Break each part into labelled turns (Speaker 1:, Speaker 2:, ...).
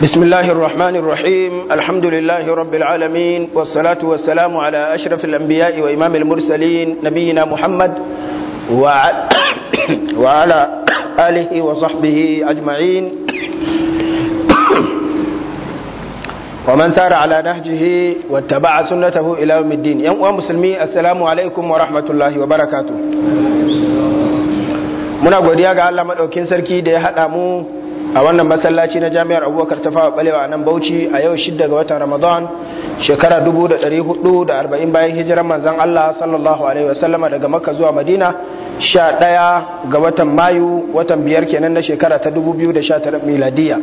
Speaker 1: بسم الله الرحمن الرحيم الحمد لله رب العالمين والصلاة والسلام على أشرف الأنبياء وإمام المرسلين نبينا محمد وعلى آله وصحبه أجمعين ومن سار على نهجه واتبع سنته إلى يوم الدين يوم مسلمي السلام عليكم ورحمة الله وبركاته muna godiya ga Allah madaukin sarki da ya hada mu a wannan masallaci na jami'ar abubakar ta fawa balewa a nan bauchi a yau shidda ga watan ramadan shekara 1440 bayan hijiran manzan allah sallallahu alaihi wasallama daga makka zuwa madina 11 ga watan mayu watan biyar kenan na shekara ta 2019 miladiya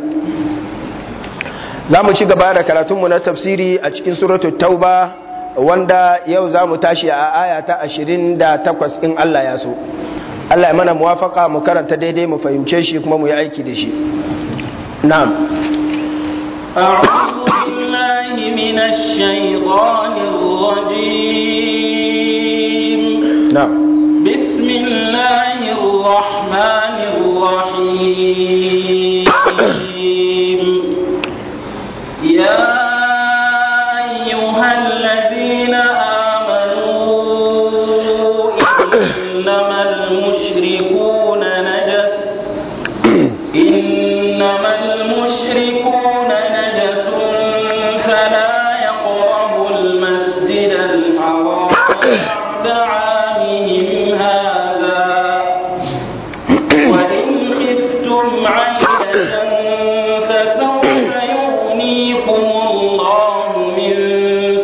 Speaker 1: za mu ci gaba da karatunmu na tafsiri a cikin suratul tauba wanda yau za mu tashi a aya ta 28 in allah ya so Allah ya mana muwafaka mu karanta daidai mu fahimce shi kuma mu yi aiki da shi na'am أعوذ
Speaker 2: بالله من الشيطان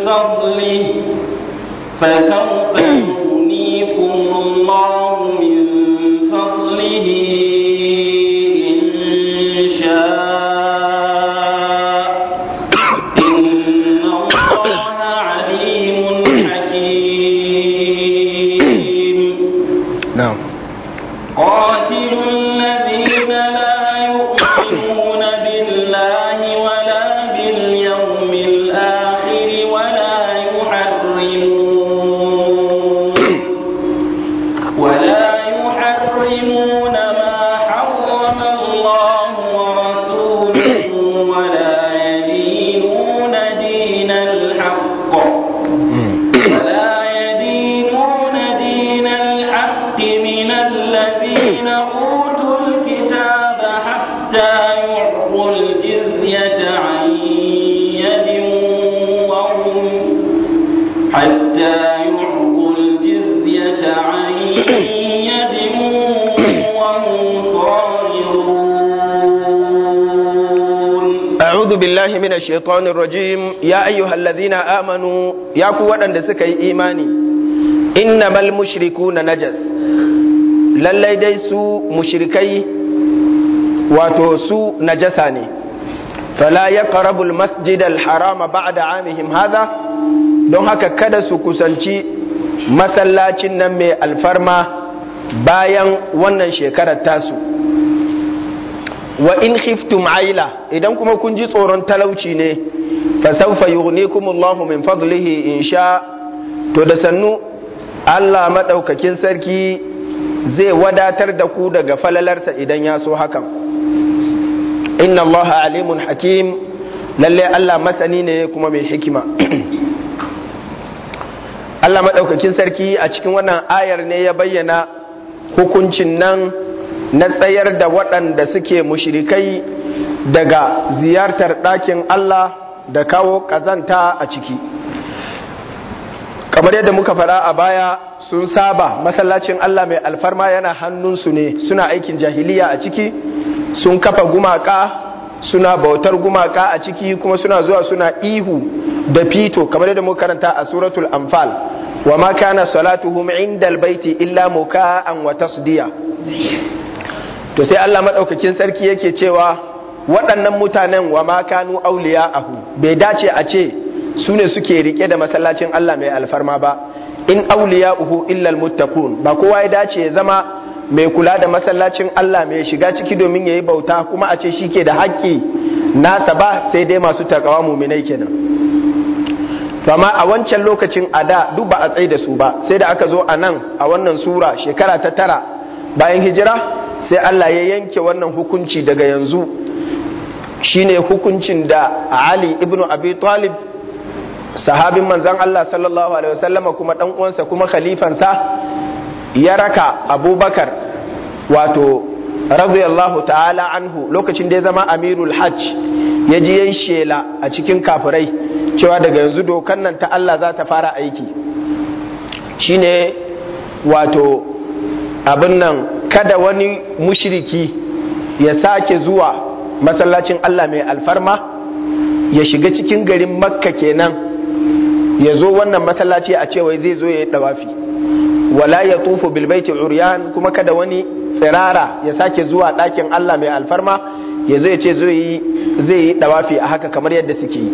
Speaker 2: فضله فسوف
Speaker 1: أعوذ بالله من الشيطان الرجيم يا suka yi imani. يا كوانا لسكي إيماني إنما المشركون نجس lallai dai su mushrikai wato su najasa ne fala ya karabul masjidal harama ba'da amihim haza don haka kada su kusanci masallacin nan mai alfarma bayan wannan shekarar tasu wa in khiftum aila idan kuma kun ji tsoron talauci ne fa sawfa allahu min fadlihi in sha to da sannu Allah madaukakin sarki zai wadatar da ku daga falalarsa idan ya so hakan inna Allah alimun hakim lalle Allah masani ne kuma mai hikima Allah madaukakin sarki a cikin wannan ayar ne ya bayyana hukuncin nan na tsayar da waɗanda suke mushrikai daga ziyartar ɗakin Allah da kawo ƙazanta a ciki kamar yadda muka faɗa a baya sun saba masallacin Allah mai alfarma yana hannunsu ne suna aikin jahiliya a ciki sun kafa gumaka suna bautar gumaka a ciki kuma suna zuwa suna ihu da fito kamar yadda muka karanta a suratul anfal wa ma kana salatuhum indal baiti illa muka'an wa tasdiya to sai Allah madaukakin sarki yake cewa waɗannan mutanen wa ma kanu ahu bai dace a ce su ne suke rike da masallacin Allah mai alfarma ba in auliya uhu illa almuttaqun ba kowa ya dace ya zama mai kula da masallacin Allah mai shiga ciki domin yayi bauta kuma a ce shi ke da haƙƙi nasa ba sai dai masu takawa muminai kenan to amma a wancan lokacin a da duk ba a tsaye da su ba sai da aka zo a nan a wannan sura shekara ta tara bayan hijira sai Allah ya yanke wannan hukunci daga yanzu shine hukuncin da Ali ibn Abi Talib sahabin manzan Allah sallallahu alaihi wasallama kuma dan uwansa kuma khalifansa ya raka Abubakar wato radiyallahu ta'ala anhu lokacin da ya zama amirul hajj ya ji yan shela a cikin kafirai cewa daga yanzu dokan nan ta Allah za ta fara aiki shine wato abin nan kada wani mushiriki ya sake zuwa masallacin Allah mai alfarma ya shiga cikin garin makka kenan ya zo wannan masallaci a cewa zai zo ya yi dawafi wala ya tufu bilbaiti uryan kuma kada wani tsirara ya sake zuwa ɗakin Allah mai alfarma ya zo ya ce zai yi dawafi a haka kamar yadda suke yi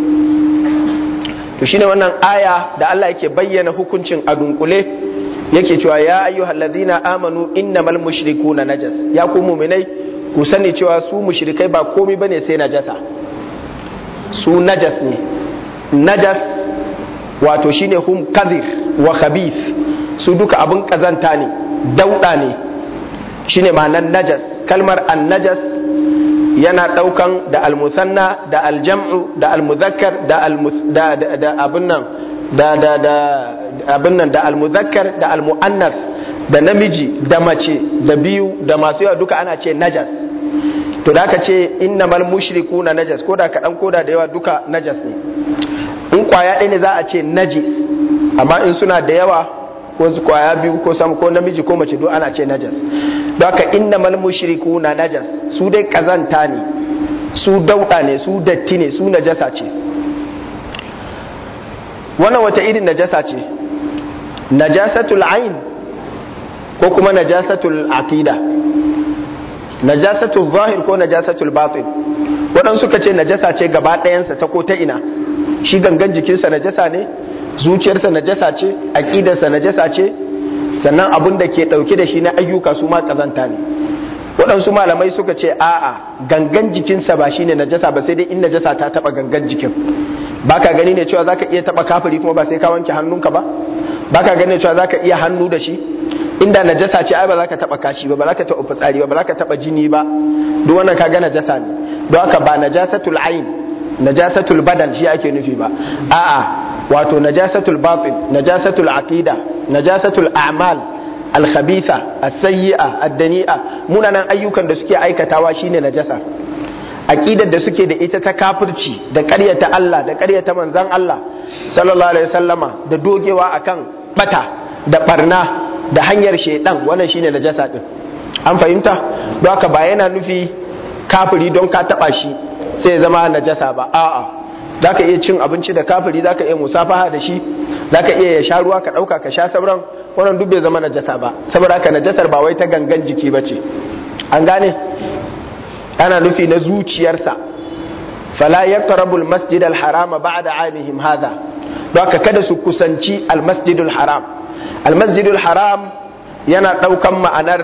Speaker 1: to shine wannan aya da Allah yake bayyana hukuncin a dunkule yake cewa ya ayyuhal ladina amanu innamal mushrikuna najas ya ku mu'minai ku sani cewa su mushrikai ba komai bane sai najasa su najas ne najas wato shine hum kadir wa khabith su duka abun kazanta ne dauda ne shine ma'anar najas kalmar an najas yana daukan da almusanna da aljam'u da almuzakkar da abin nan da da da abin nan da almuzakkar da almuannas da namiji da mace da biyu da masu yawa duka ana ce najas to da aka ce mal mushriku na najas ko da kaɗan ko da yawa duka najas ne in kwaya ɗaya ne za a ce najis amma in suna da yawa ko kwaya biyu ko sam ko namiji ko mace duk ana ce najas don haka mal mushriku na najas su dai kazanta ne su dauɗa ne su datti ne su najasa ce wannan wata irin najasa ce najasatul ain ko kuma najasatul aqida najasatul zahir ko najasatul batin waɗansu suka ce najasa ce gaba ɗayansa ta ko ta ina shi gangan jikinsa najasa ne zuciyarsa najasa ce aqidarsa najasa ce sannan abun da ke ɗauke da shi na ayyuka su ma kazanta ne waɗansu malamai suka ce a'a gangan jikinsa ba shine najasa ba sai dai in najasa ta taɓa gangan jikin baka gani ne cewa zaka iya taɓa kafiri kuma ba sai ka wanke hannunka ba baka ganin cewa zaka iya hannu da shi inda najasa ce ai ba za ka taba kashi ba ba za ka taba fitsari ba ba za ka taba jini ba duk wannan ka gane najasa ne don haka ba najasatul ain najasatul badan shi ake nufi ba a'a wato najasatul batin najasatul aqida najasatul a'mal Alkhabisa, asayyi'a as-sayyi'a munanan ayyukan da suke aikatawa shine najasa aqidar da suke da ita ta kafirci da ƙaryata Allah da ƙaryata manzon Allah sallallahu alaihi wasallama da dogewa akan bata da barna da hanyar shaidan wannan shine najasa din an fahimta don haka ba yana nufi kafiri don ka taba shi sai zama najasa ba a'a zaka iya cin abinci da kafiri zaka iya musafaha da shi zaka iya ya sha ruwa ka dauka ka sha sauran wannan duk bai zama najasa ba saboda haka najasar ba wai ta gangan jiki bace an gane ana nufi na zuciyarsa fala yaqrabul masjidal harama ba'da 'amihim hadha don haka kada su kusanci almasjidul haram almasjidul haram yana ɗaukan ma'anar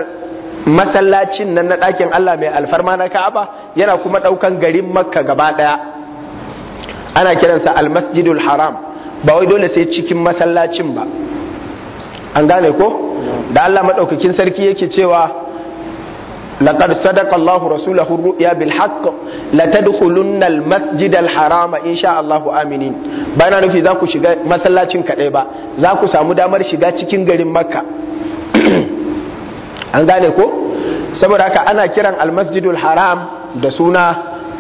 Speaker 1: masallacin nan na ɗakin Allah mai alfarma na Ka'aba yana kuma ɗaukan garin Makka gaba ɗaya ana kiransa almasjidul haram ba wai dole sai cikin masallacin ba an gane ko da Allah maɗaukakin sarki yake cewa لقد صدق الله رسوله الرؤيا بالحق لتدخلن المسجد الحرام ان شاء الله امنين بانا nufi za ku shiga masallacin kadai ba za ku samu damar shiga cikin garin makka an gane ko saboda haka ana kiran almasjidul haram da suna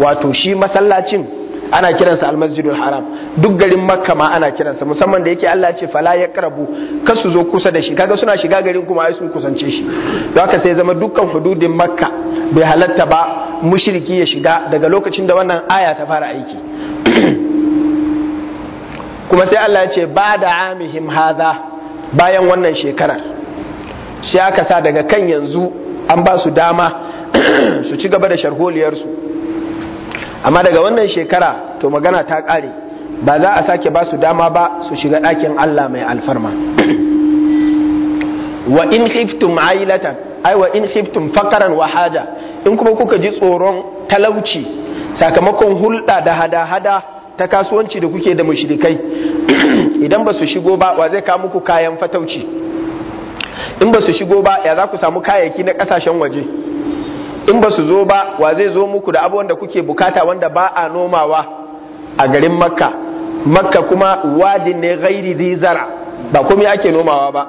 Speaker 1: wato shi masallacin ana kiransa almasjidul haram duk garin makka ma ana kiransa musamman da yake Allah ce fala ya karabu kar su zo kusa da shi kaga suna shiga garin kuma ai sun kusance shi don haka sai zama dukkan hududin makka bai halatta ba mushriki ya shiga daga lokacin da wannan aya ta fara aiki kuma sai Allah ya ce ba da amihim haza bayan wannan shekarar sai aka sa daga kan yanzu an ba su dama su ci gaba da sharholiyarsu amma daga wannan shekara to magana ta ƙare ba za a sake ba su dama ba su shiga ɗakin Allah mai alfarma wa in khiftum ailatan ai wa in khiftum faqran wa haja in kuma kuka ji tsoron talauci sakamakon hulɗa da hada-hada ta kasuwanci da kuke da mushrikai idan ba su shigo ba wa zai kawo muku kayan fatauci in ba su shigo ba ya za ku samu kayayyaki na kasashen waje in ba su zo ba wa zai zo muku da abubuwan da kuke bukata wanda ba a nomawa a garin makka makka kuma wadin ne gairi zai zara ba komai ake nomawa ba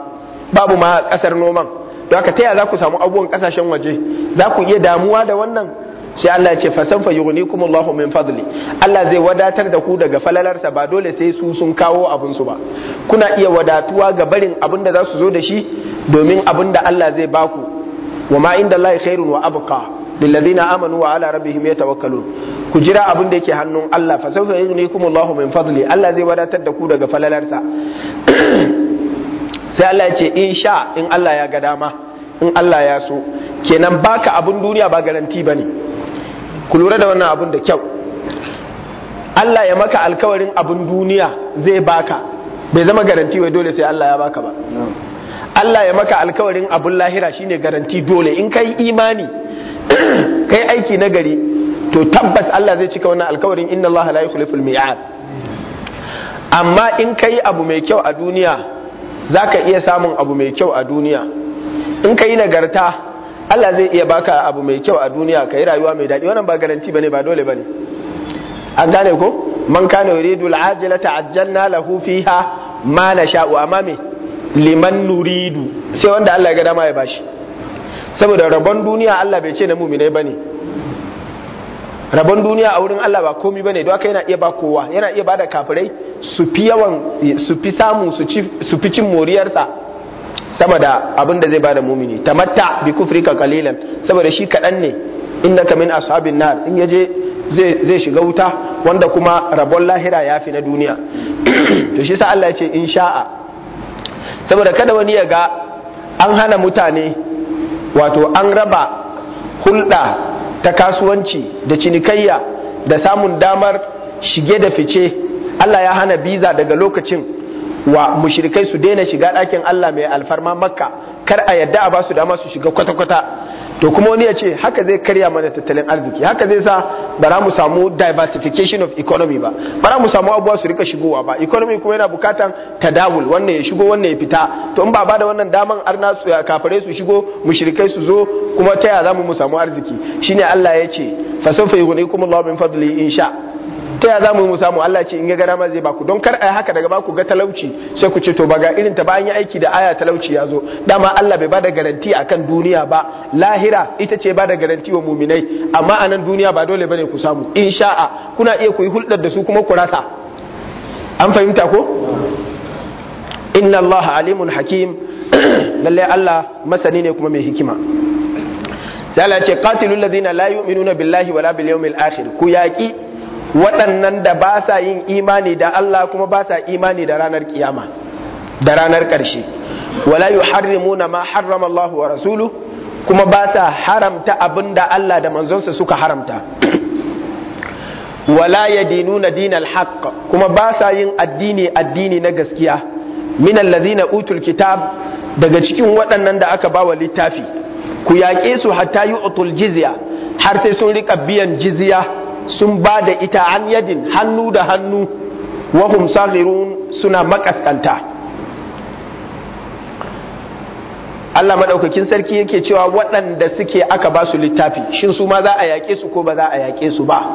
Speaker 1: babu ma kasar noman don haka taya za ku samu abubuwan kasashen waje za ku iya damuwa da wannan sai Allah ce ce fasan fa yughnikum Allahu min fadli Allah zai wadatar da ku daga falalarsa ba dole sai su sun kawo abun su ba kuna iya wadatuwa ga barin abin da za su zo da shi domin abin da Allah zai baku wa ma inda Allah khairun wa abqa lilladhina amanu wa ala rabbihim yatawakkalun ku jira abin da yake hannun Allah fa sawfa yughnikum Allahu min fadli Allah zai wadatar da ku daga falalarsa sai Allah ya ce in sha in Allah ya ga dama in Allah ya so kenan baka abun duniya ba garanti bane ku lura da wannan abun da kyau Allah ya maka alkawarin abun duniya zai baka bai zama garanti wai dole sai Allah ya baka ba no. Allah ya maka alkawarin abun lahira shine garanti dole in kai imani kai aiki nagari to tabbas Allah zai cika wannan alkawarin inna Allah la mai mi'ad amma in kai abu mai kyau a duniya zaka iya samun abu mai kyau a duniya in kai nagarta Allah zai iya baka abu mai kyau a duniya kai rayuwa mai daɗi wannan ba garanti bane ba dole bane an gane ko man kana yuridu al'ajilata ajjalna lahu fiha ma nasha'u amma liman nuridu sai wanda Allah ya ga dama ya bashi saboda rabon duniya Allah bai ce na muminai bane rabon duniya a wurin Allah ba komi bane don haka yana iya ba kowa yana iya bada kafirai su fi yawan su fi samu su fi cin moriyarsa sama da abin da zai ba da mumini tamatta bi kufri ka kalilan saboda shi kaɗan ne innaka min ashabin nar in yaje zai shiga wuta wanda kuma rabon lahira ya fi na duniya to shi sa Allah ya ce in saboda kada wani ya ga an hana mutane wato an raba hulɗa ta kasuwanci da cinikayya da samun damar shige da fice Allah ya hana biza daga lokacin wa mushrikai su daina shiga ɗakin Allah mai alfarma makka kar a yadda a ba su dama su shiga kwata-kwata to kuma wani ya ce haka zai karya mana tattalin arziki haka zai sa bara mu samu diversification of economy ba bara mu samu abuwa su rika shigowa ba economy kuma yana bukatan tadawul wannan ya shigo wannan ya fita to in ba ba da wannan daman arna su kafare su shigo mushrikai su zo kuma ta yaya zamu mu samu arziki shine Allah ya ce fa sawfa yughnikum Allahu min fadli insha ta ya za mu mu samu Allah ce in ya gara ma zai baku don kar ai haka daga baku ga talauci sai ku ce to ba ga irin ta bayan ya aiki da aya talauci ya zo dama Allah bai bada garanti akan duniya ba lahira ita ce bada garanti wa muminai amma a nan duniya ba dole bane ku samu insha'a kuna iya ku yi hulɗar da su kuma ku rasa an fahimta ko inna Allah alimun hakim lalle Allah masani ne kuma mai hikima sai Allah ce qatilul ladina la yu'minuna billahi wala bil yawmil akhir ku yaqi
Speaker 2: waɗannan
Speaker 1: da ba sa yin imani da Allah kuma ba sa imani da ranar kiyama da ranar ƙarshe wala yuharrimuna ma harrama Allah wa rasulu kuma ba sa haramta abinda da Allah da manzonsa suka haramta wala yadinuna dinal haqq kuma ba sa yin addini addini na gaskiya min allazina utul kitab daga cikin waɗannan da aka bawa littafi ku yaƙe su hatta yi utuljiziya? jizya har sai sun riƙa biyan jizya sun ba da ita an yadin hannu da hannu wahum saghirun suna makaskanta Allah maɗaukakin sarki yake cewa waɗanda suke aka ba su littafi shin su ma za a yaƙe su ko ba za a yaƙe su ba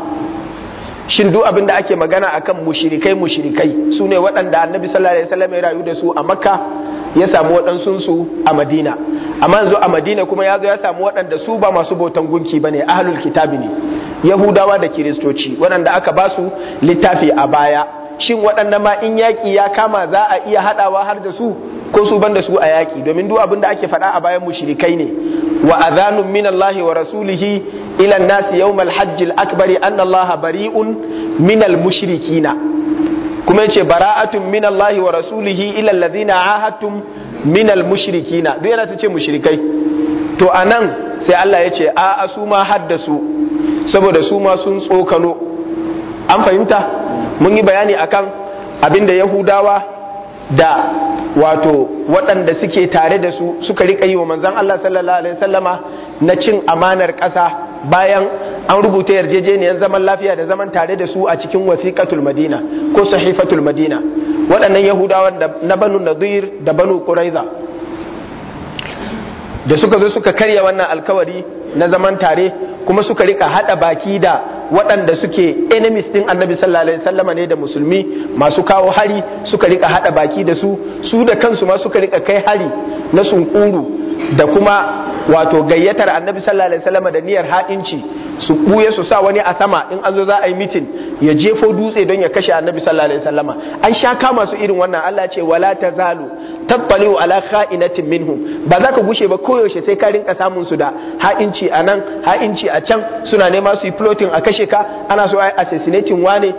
Speaker 1: shin duk abin da ake magana akan mushrikai mushrikai su ne waɗanda annabi sallallahu alaihi wasallam ya rayu da su a makka ya samu waɗansun su a madina amma yanzu a madina kuma ya zo ya samu waɗanda su ba masu bautan gunki ba ne. ahlul kitabi ne yahudawa da kiristoci waɗanda aka ba su littafi a baya shin waɗannan ma in yaƙi ya kama za a iya haɗawa har da su ko su ban da su a yaƙi domin duk abin da ake faɗa a bayan mushrikai ne wa adhanun min Allah wa rasulihi ila an-nas yawm al-hajj Allah bari'un min al-mushrikina kuma yace bara'atun min Allah wa rasulihi ila alladhina ahadtum min al-mushrikina duk yana ta ce mushrikai to anan sai Allah ya ce a su ma haddasu saboda su ma sun tsokano an fahimta mun yi bayani akan abin da yahudawa da wato waɗanda suke tare da su suka rika yi wa manzan Allah sallallahu alaihi wasallama na cin amanar ƙasa bayan an rubuta yarjejeniyar zaman lafiya da zaman tare da su a cikin wasiƙatul madina ko sahifatul madina waɗannan yahudawa na banu nadir da banu ƙuraiza da suka zo suka karya wannan alkawari na zaman tare kuma suka rika haɗa baki da waɗanda suke enemies ɗin annabi sallallahu alaihi wasallama ne da musulmi masu kawo hari suka rika haɗa baki da su su da kansu ma suka rika kai hari na sunkuru da kuma wato gayyatar annabi sallallahu alaihi wasallam da niyyar ha'inci su buye su sa wani a sama in an zo za a yi mitin ya jefo dutse don ya kashe annabi sallallahu alaihi wasallama an sha kama su irin wannan Allah ce wala tazalu tattaliu ala kha'inatin minhum ba za ka gushe ba koyaushe sai ka rinka samun su da ha'inci a nan ha'inci a can suna nema su yi a kashe ka ana so a assassinating wane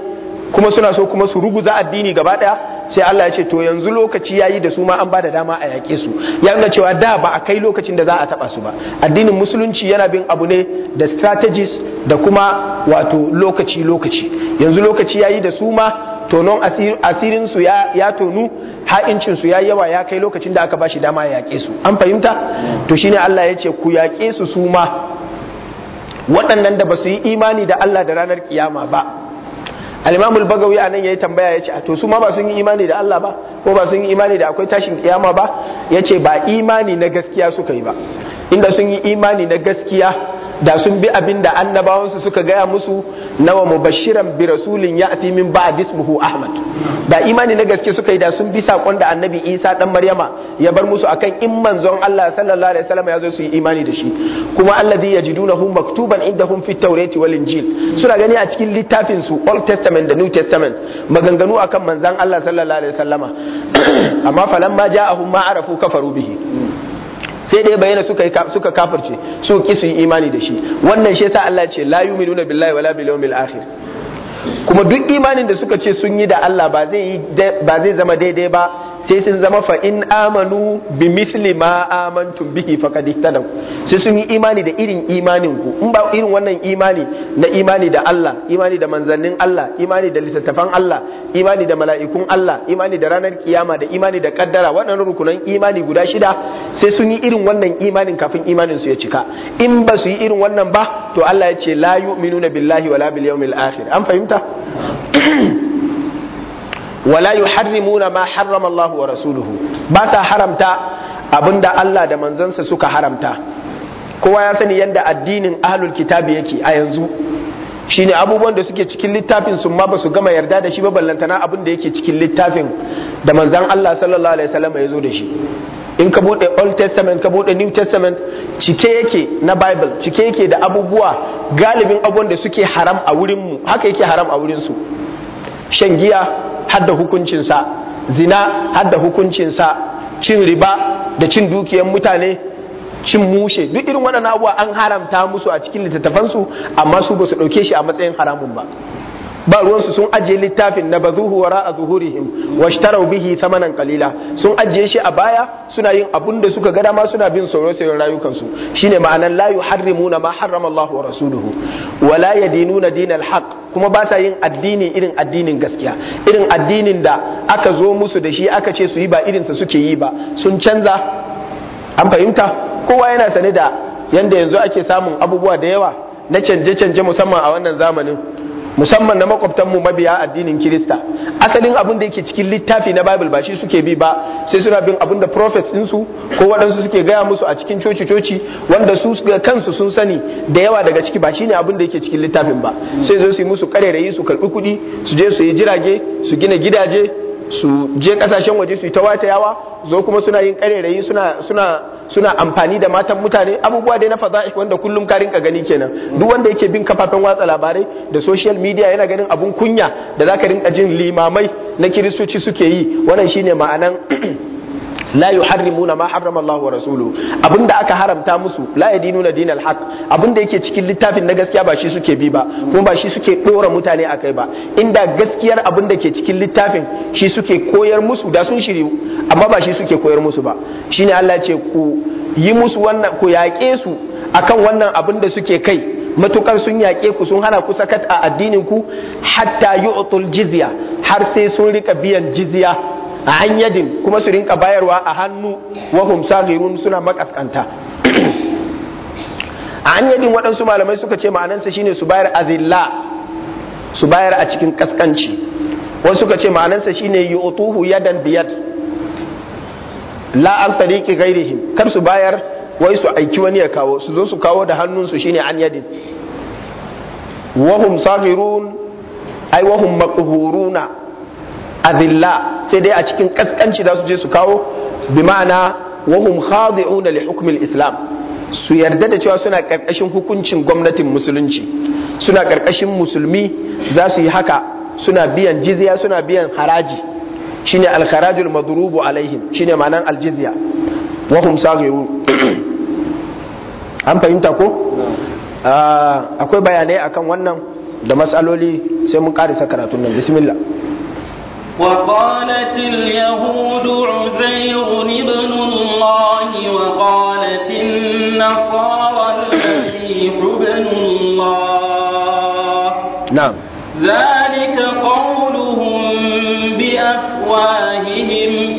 Speaker 1: kuma suna so kuma su ruguza addini gaba daya sai Allah ya ce to yanzu lokaci yayi da su ma an bada dama a yake su ya nuna cewa da ba a kai lokacin da za a taba su ba addinin musulunci yana bin abu ne da strategies da kuma wato lokaci lokaci yanzu lokaci yayi da su ma tonon asirin su ya, ya tonu ha'incin su ya yawa ya kai lokacin da aka bashi dama a yake su an fahimta to shine Allah ya ce ku yake su su ma waɗannan da ba su yi imani da Allah da ranar kiyama ba al-imam al-bagawi anan yayi tambaya yace to su ma ba sun yi imani da Allah ba ko ba sun yi imani da akwai tashin kiyama ba yace ba imani na gaskiya suka yi ba inda sun yi imani na gaskiya da sun bi abin da annabawansu suka gaya musu nawa mubashiran bi rasulin ya'ti min ba'd ismuhu ahmad da imani na gaske suka yi da sun bi saƙon da annabi isa dan maryama ya bar musu akan in manzon Allah sallallahu alaihi wasallam ya zo su yi imani da shi kuma alladhi yajidunahu maktuban indahum fit tawrati wal injil suna gani a cikin littafin su old testament da new testament maganganu akan manzon Allah sallallahu alaihi wasallama amma falamma ja'ahum ma arafu kafaru bihi sai dai bayana suka suka kafirce su ki su yi imani da shi wannan shi yasa Allah ce la yu'minuna billahi wala bil yawmil akhir kuma duk imanin da suka ce sun yi da Allah ba zai ba zai zama daidai ba sai sun zama fa in amanu bi misli ma amantum bihi faqad ihtadaw sai sun yi imani da irin imanin ku in ba irin wannan imani na imani da Allah imani da manzannin Allah imani da littattafan Allah imani da mala'ikun Allah imani da ranar kiyama da imani da kaddara waɗannan rukunan imani guda shida sai sun yi irin wannan imanin kafin imanin su ya cika in ba su yi irin wannan ba to Allah ya ce la yu'minuna billahi wala bil yawmil akhir an fahimta wala yuharrimuna ma harrama wa rasuluhu ba sa haramta abinda Allah da manzansa suka haramta kowa ya sani yadda addinin ahlul kitabi yake a yanzu shine abubuwan da suke cikin littafin sun ma ba su gama yarda da shi ba ballantana abin da yake cikin littafin da manzan Allah sallallahu alaihi wasallam ya zo da shi in ka bude old testament ka bude new testament cike yake na bible cike yake da abubuwa galibin abubuwan da suke haram a wurin mu haka yake haram a wurin su shan giya hadda hukuncinsa zina hadda hukuncinsa cin riba da cin dukiyar mutane cin mushe duk irin waɗannan abubuwa an haramta musu a cikin littattafansu amma su ba su ɗauke shi a matsayin haramun ba ba ruwansu sun ajiye littafin na bazuhu wara a zuhurihim washtarau bihi samanan kalila sun ajiye shi a baya suna yin abun da suka gada ma suna bin sauro rayukan rayukansu shine ma'anan la yuharrimuna ma harrama Allah wa rasuluhu wa la yadinuna dinal haqq kuma ba sa yin addini irin addinin gaskiya irin addinin da aka zo musu da shi aka ce su yi ba sa suke yi ba sun canza an fahimta kowa yana sane da yanda yanzu ake samun abubuwa da yawa na canje-canje musamman a wannan zamanin musamman na makwabtan mu mabiya addinin kirista asalin abin da yake cikin littafi na bible ba shi suke bi ba sai suna bin abin da prophets su ko waɗansu suke gaya musu a cikin coci-coci wanda su kansu sun sani da yawa daga ciki ba shine abin da yake cikin littafin ba sai zo su yi musu karerayi su karɓi kuɗi su je su yi jirage su gina gidaje su je kasashen waje su yi ta yawa. zo kuma suna yin karerayi suna suna amfani da matan mutane abubuwa dai na fada'i wanda kullum ka rinka gani kenan duk wanda yake bin kafafen watsa labarai da social media yana ganin abun kunya da zaka rinka jin limamai na kiristoci suke yi wannan shine ma'anan la yuharrimuna ma harrama Allah wa rasuluhu abinda aka haramta musu la yadinuna dinal haqq abinda yake cikin littafin na gaskiya ba shi suke bi ba kuma ba shi suke dora mutane akai ba inda gaskiyar abinda ke cikin littafin shi suke koyar musu da sun shiryu amma ba shi suke koyar musu ba shine Allah ce ku yi musu wannan ku yaƙe su akan wannan abin da suke kai matukar sun yaƙe ku sun hana ku sakat a addinin ku hatta yu'tul jizya har sai sun rika biyan jizya a an kuma su rinka bayarwa a hannu wahum saghirun suna makaskanta a an waɗansu malamai suka ce ma'anansa shine su bayar azilla su bayar a cikin kaskanci wasu suka ce ma'anansa shine yu'tuhu yadan biyad la an tariqi ghairihim kar su bayar wai su aiki wani ya kawo su zo su kawo da hannunsu shine an yadin wahum sahirun ai wahum maqhuruna azilla sai dai a cikin kaskanci da su je su kawo bi ma'ana wahum khadi'una li hukmil islam su yarda da cewa suna karkashin hukuncin gwamnatin musulunci suna karkashin musulmi za su yi haka suna biyan jizya suna biyan haraji shine al-kharajul madrubu alaihim shine ma'anan al-jizya wahum saghiru an fahimta ko akwai bayanai akan wannan da matsaloli sai mun karisa karatun nan bismillah
Speaker 2: وقالت اليهود عزير ابن الله وقالت النصارى المسيح ابن الله نعم ذلك قولهم بأفواههم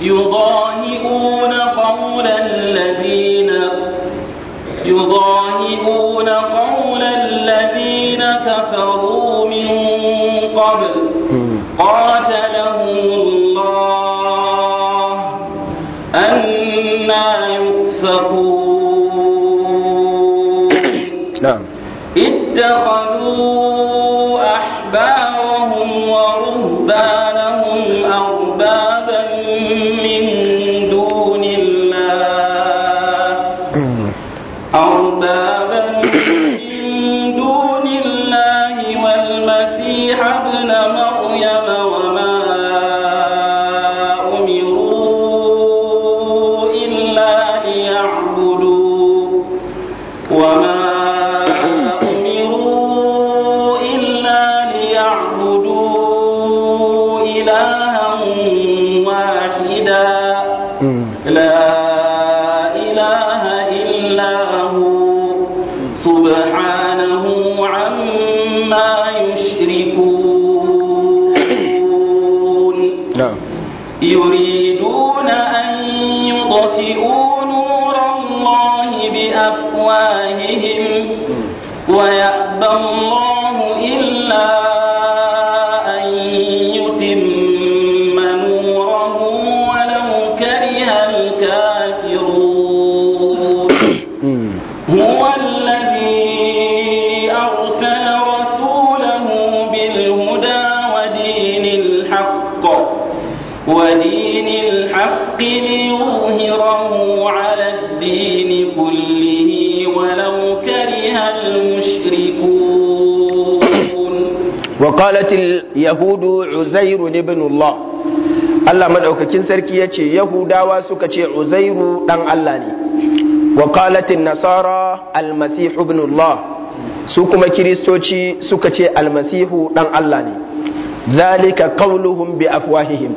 Speaker 2: يضاهئون قول الذين يضاهئون قول الذين كفروا من قبل قاتلهم الله نعم. اتخذوا أحبارهم ورهبانهم سبحانه عما يشركون يريد
Speaker 1: qalatil yahudu uzairu ibn Allah Allah maɗaukacin sarki yace yahudawa suka ce uzairu dan Allah ne wa qalatin nasara almasih ibn Allah su kuma kiristoci suka ce almasihu dan Allah ne zalika qauluhum bi afwahihim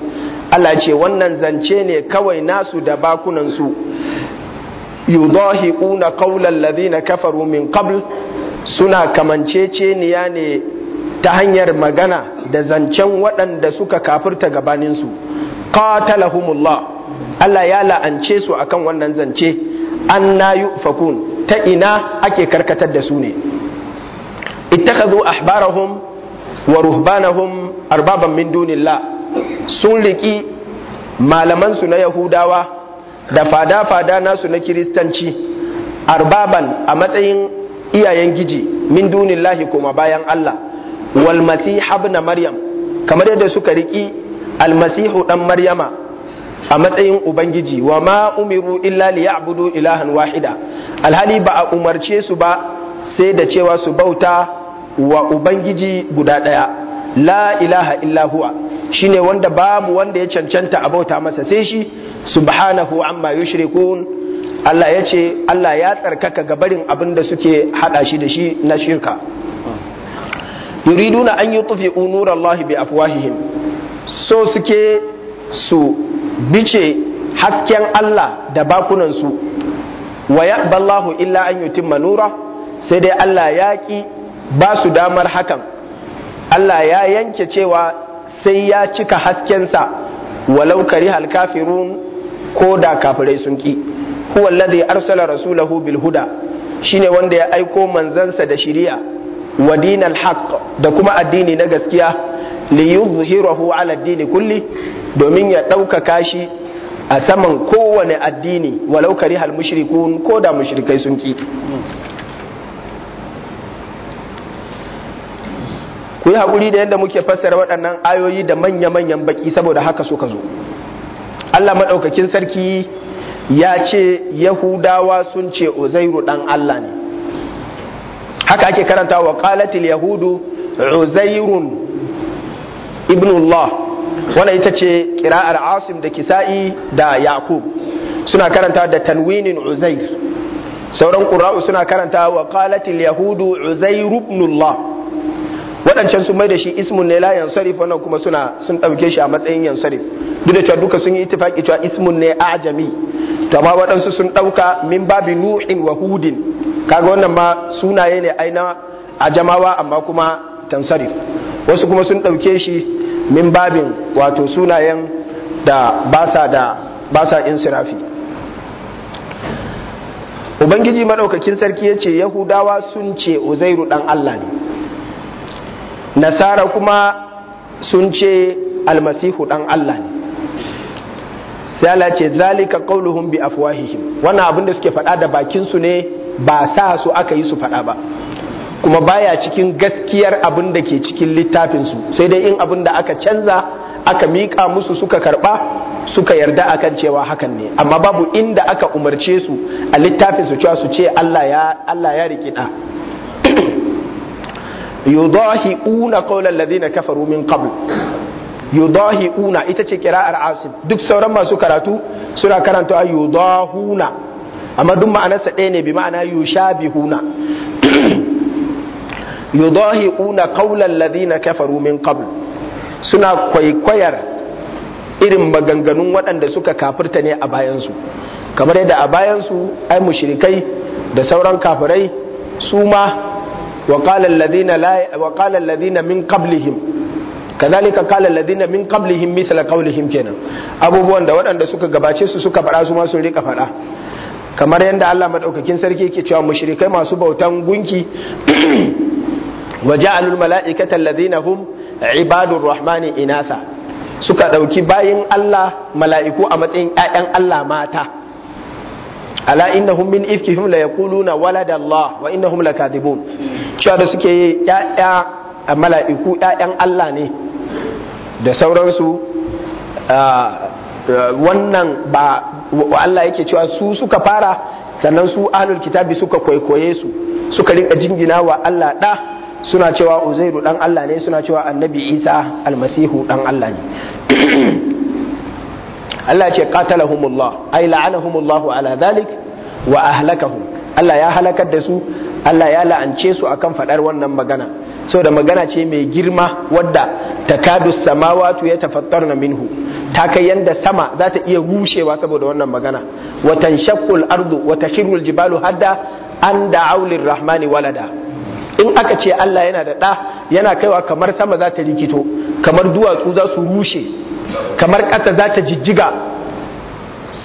Speaker 1: Allah ce wannan zance ne kawai nasu da bakunan su yudahiquna qawla alladhina kafaru min qabl suna kamanceceniya ne ta hanyar magana da zancen waɗanda suka kafirta gabaninsu qatalahumullah Allah ya la'ance su akan wannan zance anna yufakun ta ina ake karkatar da su ne ittakhadhu ahbarahum wa ruhbanahum arbaban min dunillah sun riƙi malaman na yahudawa
Speaker 2: da fada-fada
Speaker 1: nasu na kiristanci arbaban a matsayin iyayen giji min dunillahi kuma bayan Allah wal masih ibn maryam kamar yadda suka riki al ɗan dan maryama a matsayin ubangiji wa ma umiru illa abudu ilahan wahida alhali ba a umarce su ba sai da cewa su bauta wa ubangiji guda daya la ilaha illa huwa shine wanda babu wanda ya cancanta a bauta masa sai shi subhanahu amma yushrikun Allah ya ce Allah ya tsarkaka gabarin abin da suke hada shi da shi na shirka yuriduna an yutfi'u nurallahi bi afwahihim so suke su bice hasken Allah da bakunan su wa ya'ballahu illa an yutimma nura sai dai Allah ya ki ba su damar hakan Allah ya yanke cewa sai ya cika haskensa walau karihal kafirun ko da kafirai sun ki huwa alladhi arsala rasulahu bil huda shine wanda ya aiko manzansa da shiriya wa dinal haqq da kuma addini na gaskiya li yuzhirahu ala addini kulli domin ya ɗaukaka kashi a saman kowane addini walau karihal mushrikun ko da mushrikai sun ki ku yi haƙuri da yadda muke fassara waɗannan ayoyi da manya-manyan baki saboda haka suka zo Allah maɗaukakin sarki ya ce yahudawa sun ce uzairu ɗan Allah ne haka ake karanta wa qalatil yahudu uzairun ibnullah wannan ita ce qira'ar asim da kisa'i da yaqub suna karanta da tanwinin uzair sauran qura'u suna karanta wa qalatil yahudu uzair ibnullah waɗancan sun mai da shi ismun ne la yansarif wannan kuma suna sun dauke shi a matsayin yansarif duk da cewa duka sun yi ittifaki cewa ismun ne ajami to amma wadansu sun ɗauka min babi nu'in wahudin. kaga wannan ma sunaye ne aina ajamawa amma kuma tansarif wasu kuma sun ɗauke shi min babin wato sunayen da basa da basa insirafi ubangiji madaukakin sarki ya ce yahudawa sun ce uzairu dan allah ne nasara kuma sun ce almasihu ɗan allah ne sai Allah ce zalika qauluhum bi afwahihim wannan abin da suke faɗa da bakinsu ne ba sa su aka yi su faɗa ba kuma baya cikin gaskiyar abin da ke cikin littafinsu sai dai in abin da aka canza aka miƙa musu suka karɓa suka yarda akan cewa hakan ne amma babu inda aka umarce su a littafin su cewa su ce Allah ya Allah ya rikida yudahi'una qawla alladhina kafaru min qabl yudahi'una ita ce kira'ar asim duk sauran masu karatu suna karanta yudahuna amma duk ma'anarsa ɗaya ne bi ma'ana yushabihuna yudahiquna qawlan ladina kafaru min qabl suna kwaikwayar irin maganganun waɗanda suka kafirta ne a bayansu kamar yadda a bayansu ai mushrikai da sauran kafirai su ma وقال الذين لا وقال الذين من قبلهم kazalika kala ladina min qablihim misla qawlihim kenan abubuwan da waɗanda suka gabace su suka faɗa su ma sun rika faɗa kamar yadda Allah Maɗaukakin sarki ke cewa mushrikai masu bautan gunki waja'alul mala'ikata alladhina hum ibadur rahmani inasa suka dauki bayin Allah mala'iku a matsayin ƴaƴan Allah mata ala innahum min ifkihim la yaquluna walada Allah wa innahum lakadibun cewa da suke ƴaƴa mala'iku ƴaƴan Allah ne da sauransu wannan ba Allah yake cewa su suka fara sannan su ahlul kitabi suka kwaikwaye su suka rinka jingina wa Allah da suna cewa uzairu dan Allah ne suna cewa annabi isa almasihu dan Allah ne Allah ce qatalahumullah ay la'anahumullah ala dhalik wa ahlakahum Allah ya halakar da su Allah ya la'ance su akan fadar wannan magana da magana ce mai girma wadda Takadus samawatu ya na minhu ta kai yanda sama za ta iya rushewa saboda wannan magana watan shakul ardu wata shirul jibalu hadda an da aulin rahmani walada in aka ce Allah yana da ɗa yana kaiwa kamar sama za ta rikito kamar duwatsu za su rushe kamar ƙasa za ta jijjiga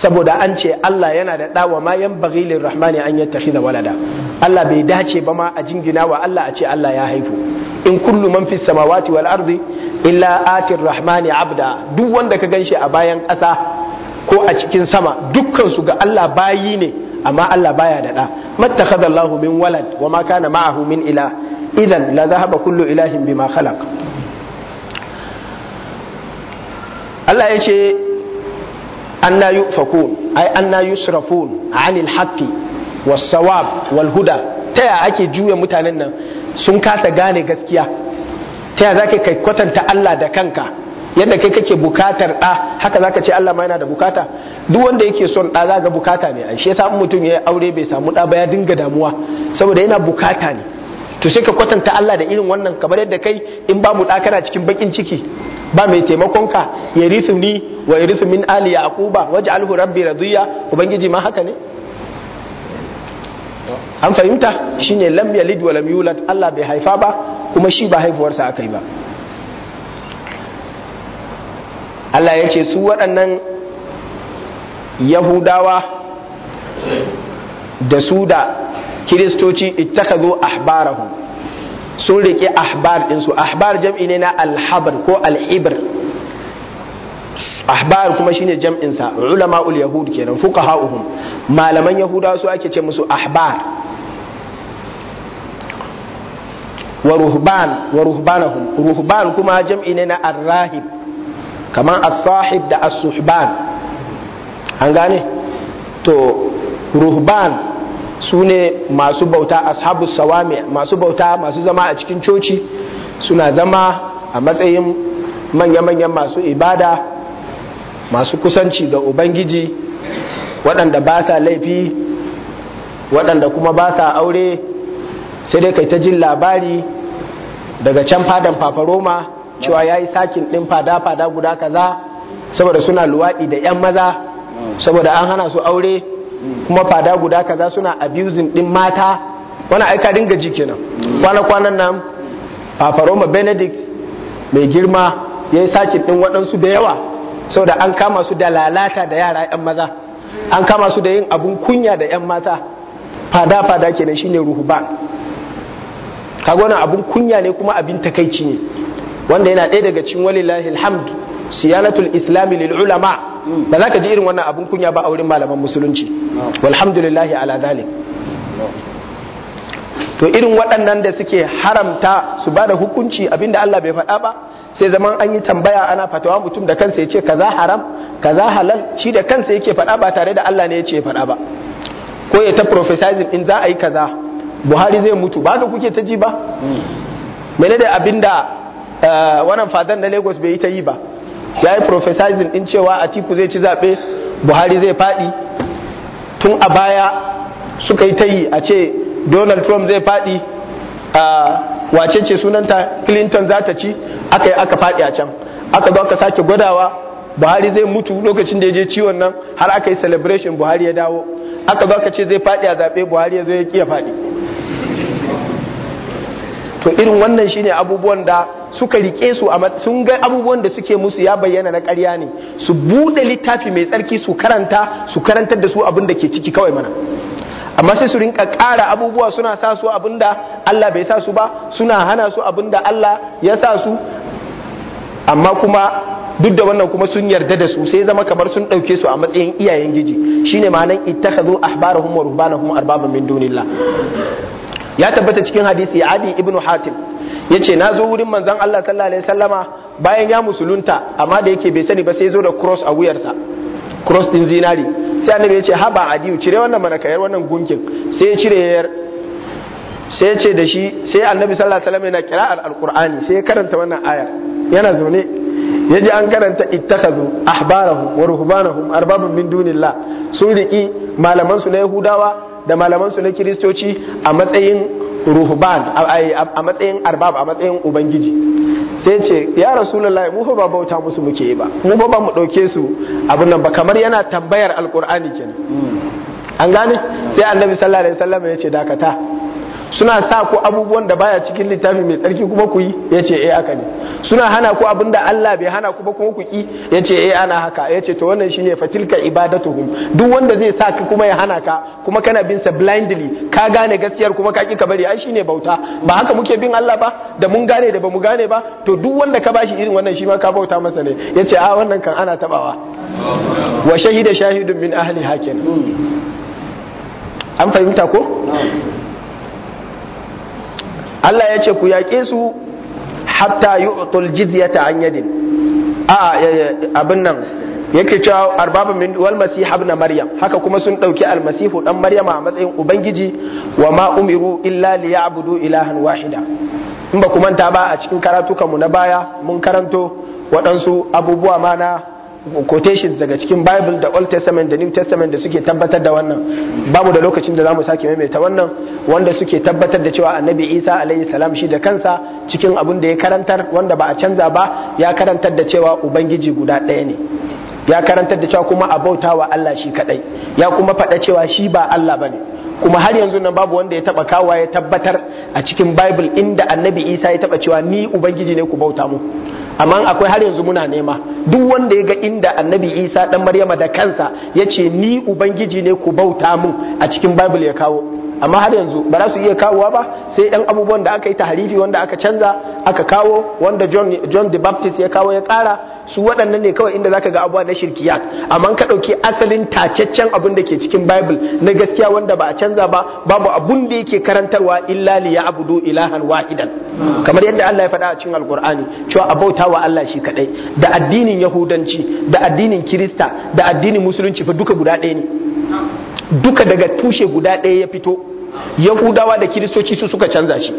Speaker 1: saboda an ce Allah yana da ɗa wa ma yan bagilin rahmani an yi tafi da walada Allah bai dace ba ma a jingina wa Allah a ce Allah ya haifu in kullu man fi samawati wal ardi illa atir rahmani abda duk wanda ka ganshi a bayan ƙasa ko a cikin sama dukkan su ga Allah bayi ne amma Allah baya da da mattakhadha Allahu min walad wa ma kana ma'ahu min ila idan la dhahaba kullu ilahin bima khalaq Allah ya ce anna yufakun ay anna yusrafun anil haqqi wasawab walhuda ta ya ake juya mutanen nan sun kasa gane gaskiya ta ya zaka kai kwatanta Allah da kanka yadda kai kake bukatar ɗa haka zaka ce Allah ma yana da bukata duk wanda yake son ɗa zaka bukata ne ai shi yasa mutum ya aure bai samu ɗa ba ya dinga damuwa saboda yana bukata ne to sai ka kwatanta Allah da irin wannan kamar yadda kai in ba mu kana cikin bakin ciki ba mai taimakon ka ya risu ni wa ya risu min ali yaquba waj'alhu rabbi radiya ubangiji ma haka ne an fahimta shine lam yalid wa lam Allah bai haifa ba kuma shi ba haifuwarsa aka yi ba
Speaker 2: Allah ya ce su
Speaker 1: waɗannan yahudawa da su da kiristoci ittakazu ahbarahu sun riƙe ahbar ɗinsu ahbar jam'i ne na alhabar ko al'ibar ahbar kuma shine jam'insa ulama ul yahud kenan fuqaha'uhum malaman Yahudawa su ake ce musu ahbar wa ruhban wa ruhbanahum ruhban kuma jam'i ne na arrahib kamar as-sahib da as-suhban to ruhban sune masu bauta ashabu sawami masu bauta masu zama a cikin coci suna zama a matsayin manya-manyan masu ibada masu kusanci ga ubangiji waɗanda ba sa laifi waɗanda kuma ba sa aure sai dai kai ta jin labari daga can fadan fafaroma cewa ya yi sakin ɗin fada-fada guda kaza saboda suna luwaɗi da 'yan maza saboda an hana su aure kuma fada guda kaza suna abusing ɗin mata wani aika dinga ji kenan kwana-kwanan nan fafaroma benedict mai girma ya yi sakin ɗin waɗansu da yawa saboda an kama su da lalata da yara 'yan maza an kama su da yin abun kunya da 'yan mata fada-fada kenan shine ruhuban kaga wannan abun kunya ne kuma abin takaici ne wanda yana ɗaya daga cikin walillahi alhamd siyanatul islami lil ulama ba za ka ji irin wannan abun kunya ba a wurin malaman musulunci walhamdulillahi ala zalik to irin waɗannan da suke haramta su ba da hukunci abinda Allah bai faɗa ba sai zaman an yi tambaya ana fatawa mutum da kansa ya ce kaza haram kaza halal shi da kansa yake faɗa ba tare da Allah ne ya ce faɗa ba ko ya ta prophesizing in za a yi kaza buhari zai mutu ba haka kuke ta ji ba mene da abin da eh, wannan fadar na lagos bai yi ta yi ba ya yi prophesizing din cewa atiku zai ci zaɓe buhari zai faɗi tun a baya suka yi ta yi a ce donald trump zai faɗi eh, wace ce sunanta clinton za ta ci aka yi aka faɗi a can aka zo aka sake gwadawa buhari zai mutu lokacin da ya je ciwon nan har aka yi celebration buhari ya dawo aka zo aka ce zai faɗi a zaɓe buhari ya zo ya kiya faɗi to irin wannan shine abubuwan da suka rike su sun ga abubuwan da suke musu ya bayyana na ƙarya ne su bude littafi mai tsarki su karanta su karantar da su abin da ke ciki kawai mana amma sai su rinka ƙara abubuwa suna sa su abin da Allah bai sa su ba suna hana su abin da Allah ya sa su amma kuma duk da wannan kuma sun yarda da su sai zama kamar sun ɗauke su a matsayin iyayen giji shine ma'anan ittakhadhu ahbarahum wa rubbanahum arbaban min dunillah ya tabbata cikin hadisi adi ibnu hatim ya ce na zo wurin manzon Allah sallallahu alaihi wasallama bayan ya musulunta amma da yake bai sani ba sai zo da cross a wuyarsa cross din zinari sai annabi ya ce haba adiyu cire wannan manakayar wannan gunkin sai ya cire yayar sai ya ce da shi sai annabi sallallahu alaihi wasallam yana kira'ar alqur'ani sai ya karanta wannan ayar yana zaune ya ji an karanta ittakhadhu ahbarahum wa ruhbanahum arbaban min dunillah sun riki malaman su na yahudawa da malamansu na kiristoci a matsayin ruhban a matsayin arbab a matsayin ubangiji sai ce ya rasulullahi mu ba bauta musu muke ba mu ba mu ɗauke su abin nan ba kamar yana tambayar alkur'ani kenan hmm. an gane sai annabi sallallahu alaihi wasallam ya ce dakata suna sa ku abubuwan da baya cikin littafi mai tsarki kuma ku yi ya ce eh, aka ne suna hana ku abin da Allah bai hana ku ba kuma ku ki ya ce eh, ana haka ya ce to wannan shi ne fatilka ibadatuhum duk wanda zai sa ka kuma ya hana ka kuma kana bin sa blindly ka gane gaskiyar kuma ka ki ka bari ai shine bauta ba haka muke bin Allah ba da mun gane da ba mu gane ba to duk wanda ka bashi irin wannan shi ma ka bauta masa ne ya ce a wannan kan ana tabawa wa shahida shahidun min ahli hakin an fahimta ko Allah ya ce ku yaƙe su hatta yu'tul jizyata an yadin a abin nan yake cewa arbaba min wal masih ibn maryam haka kuma sun dauki al ɗan dan maryama a matsayin ubangiji wa ma umiru illa liya'budu ilahan wahida in ba ku manta ba a cikin karatukanmu na baya mun karanto waɗansu abubuwa mana quotations daga cikin bible da old testament da new testament da suke tabbatar da wannan babu da lokacin da zamu sake maimaita wannan wanda suke tabbatar da cewa annabi isa alaihi salam shi da kansa cikin abun da ya karantar wanda ba a canza ba ya karantar da cewa ubangiji guda ɗaya ne ya karantar da cewa kuma a bauta wa Allah shi kadai ya kuma faɗa cewa shi ba Allah bane kuma har yanzu nan babu wanda ya taba kawa ya tabbatar a cikin bible inda annabi isa ya taba cewa ni ubangiji ne ku bauta mu amma akwai har yanzu muna nema duk wanda ya ga inda annabi isa dan maryama da kansa ya ce ni ubangiji ne ku bauta mun a cikin bible ya kawo amma har yanzu ba za su iya kawowa ba sai ɗan abubuwan da aka yi ta harifi wanda aka canza aka kawo wanda John, the Baptist ya kawo ya kara su waɗannan ne kawai inda za ka ga abubuwa na shirkiyat amma ka ɗauki asalin tacaccen abin da ke cikin Bible na gaskiya wanda ba a canza ba babu abun da yake karantarwa illa li abudu ilahan wahidan kamar yadda Allah ya faɗa a cikin alkur'ani cewa a bauta wa Allah shi kaɗai da addinin Yahudanci da addinin Kirista da addinin Musulunci fa duka guda ɗaya ne duka daga tushe guda ɗaya ya fito yahudawa da kiristoci su suka canza shi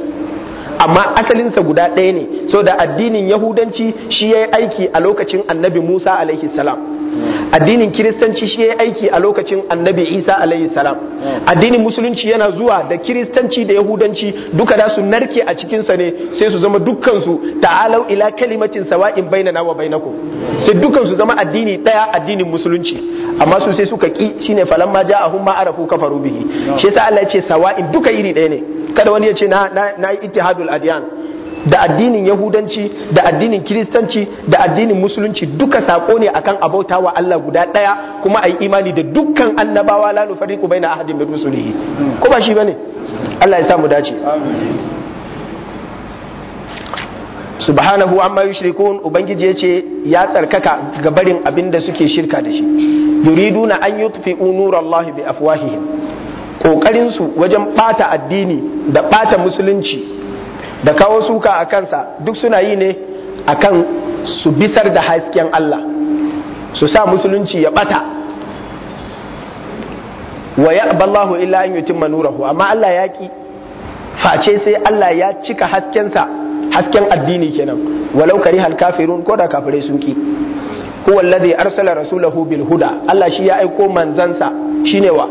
Speaker 1: amma asalinsa guda ɗaya ne so da addinin yahudanci shi ya yi aiki a lokacin annabi musa alaihi salam addinin kiristanci shi ya yi aiki a lokacin annabi isa alayhi salam hmm. addinin musulunci yana zuwa da kiristanci da yahudanci duka da su narke a cikinsa ne sai su zama dukkansu ta'alau ila kalimatin sawa'in bainana wa ku hmm. sai dukkan su zama addini daya addinin musulunci amma su sai suka ki shine falamma ja'ahum ma arafu kafaru bihi hmm. shi yasa Allah ya ce sawa'in duka iri daya ne kada wani ya ce na na, na ittihadul adyan da addinin yahudanci da addinin kiristanci da addinin musulunci duka sako ne akan abauta wa Allah guda ɗaya. kuma ayi imani da dukkan annabawa la nufariqu na ahadin min rusulihi ko ba shi bane Allah ya samu dace subhanahu amma yushrikun ubangiji yace ya tsarkaka ga barin abin da suke shirka da shi yuriduna an yutfi'u nurallahi bi afwahihim kokarin su wajen bata addini da bata musulunci da kawo suka a kansa duk suna yi ne kan su bisar da hasken Allah su sa musulunci ya bata wa ya ballahu illa an yutimma hu? amma Allah ya ki face sai Allah ya cika haskensa hasken addini kenan walau hal kafirun ko da kafire sun ki huwa alladhi arsala rasulahu bil huda Allah shi ya aiko manzansa shine wa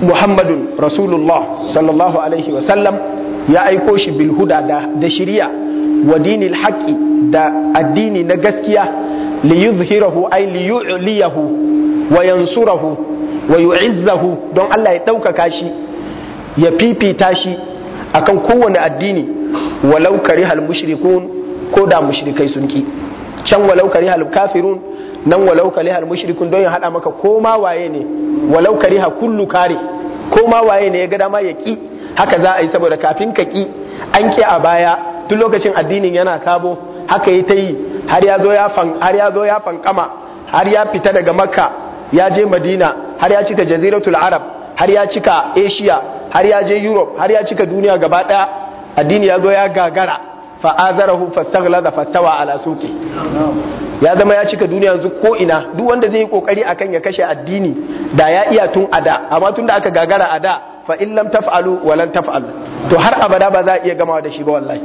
Speaker 1: Muhammadun Rasulullah sallallahu alaihi wa sallam ya aiko shi bil huda da shiriya wa dinil haqqi da addini na gaskiya li yuzhirahu ay li yu'liyahu wa yansurahu wa yu'izzahu don Allah ya ɗaukaka shi ya fifita shi akan kowane addini walau karihal mushrikun ko da mushrikai sun ki can walau karihal kafirun nan walau karihal mushrikun don ya hada maka koma waye ne walau kariha kullu kare koma waye ne ya ga dama ya ki haka za a yi saboda kafin ka ki an ke a baya tun lokacin addinin yana sabo haka yi ta yi har ya zo ya fan har ya fankama har ya fita daga makka ya je madina har ya cika jaziratul arab har ya cika asia har ya je europe har ya cika duniya gaba daya addini ya zo ya gagara fa'azarahu fastaghla da fastawa ala suqi ya zama ya cika duniya yanzu ko ina duk wanda zai yi kokari akan ya kashe addini da ya iya tun a da amma tun da aka gagara a da fa in lam taf'alu wa lan taf'al to har abada ba za a iya gamawa da shi ba wallahi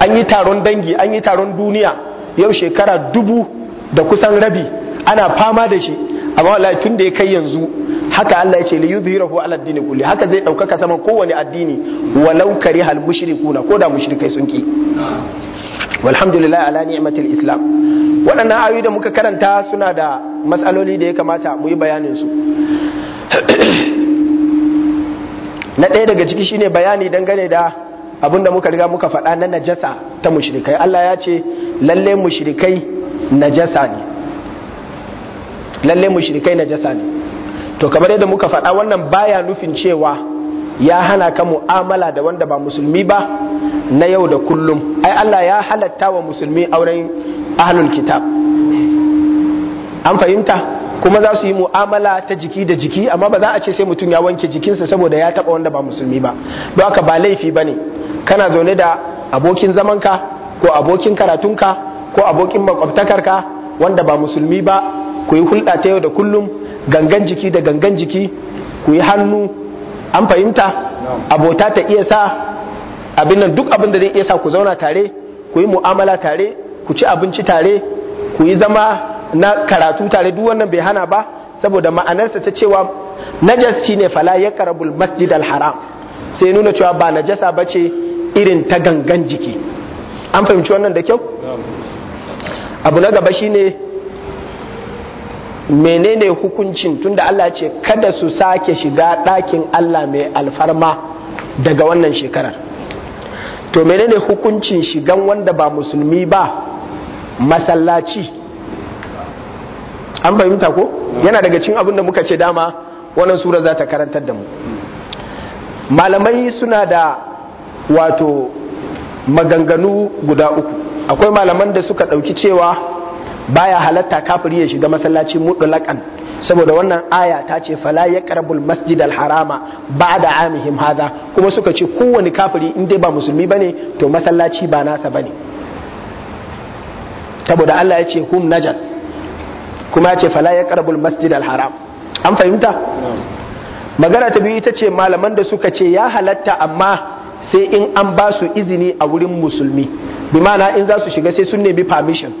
Speaker 1: an yi taron dangi an yi taron duniya yau shekara dubu da kusan rabi ana fama da shi amma wallahi tun da ya kai yanzu haka Allah ya ce li yuzhirahu ala ad-din kulli haka zai dauka sama kowane addini walau karihal mushrikuna ko da mushrikai sun ki walhamdulillah ala ni'matil islam waɗannan ayoyi da muka karanta suna da matsaloli da ya kamata mu yi bayanin su na ɗaya daga ciki shine bayani dangane da abin da muka riga muka faɗa na najasa ta mushrikai Allah ya ce lalle mushrikai najasa ne lalle mushrikai najasa ne to kamar yadda muka faɗa wannan baya nufin cewa ya hana ka mu'amala da wanda ba musulmi ba na yau da kullum ai Allah ya halatta wa musulmi auren ahlul kitab an fahimta kuma za su yi mu'amala ta jiki da jiki amma ba za a ce sai mutum ya wanke jikinsa saboda ya taba wanda ba musulmi ba don haka ba laifi ba ne kana zaune da abokin zamanka ko abokin karatunka ko abokin makwabtakarka wanda ba musulmi ba ku yi hulɗa ta yau da kullum gangan jiki da gangan jiki ku yi hannu an fahimta abota ta iya sa abin nan duk abin da zai iya sa ku zauna tare ku yi mu'amala tare ku ci abinci tare ku yi zama na karatu tare duk wannan bai hana ba saboda ma'anarsa ta cewa najas ne fala ya karabul masjid haram sai nuna cewa ba najasa ba ce irin ta gangan jiki an fahimci wannan da kyau abu na gaba shine menene hukuncin tunda Allah ce kada su sake shiga dakin Allah mai alfarma daga wannan shekarar to menene hukuncin shigan wanda ba musulmi ba masallaci an fahimta ko yana daga cin abin da muka ce dama wannan sura za ta karantar da mu malamai suna da wato maganganu guda uku akwai malaman da suka ɗauki cewa baya halatta kafiri ya shiga masallaci mutlaƙan saboda wannan aya ta ce fala ya karbul masjid harama ba da amihim haza kuma suka ce kowane kafiri in dai ba musulmi bane to masallaci ba nasa bane saboda Allah ya ce hum najas kuma ya ce fala ya karbul masjid haram an fahimta magana ta biyu ita ce malaman da suka ce ya halatta amma sai in an ba su izini a wurin musulmi bi ma'ana in za su shiga sai sun nemi permission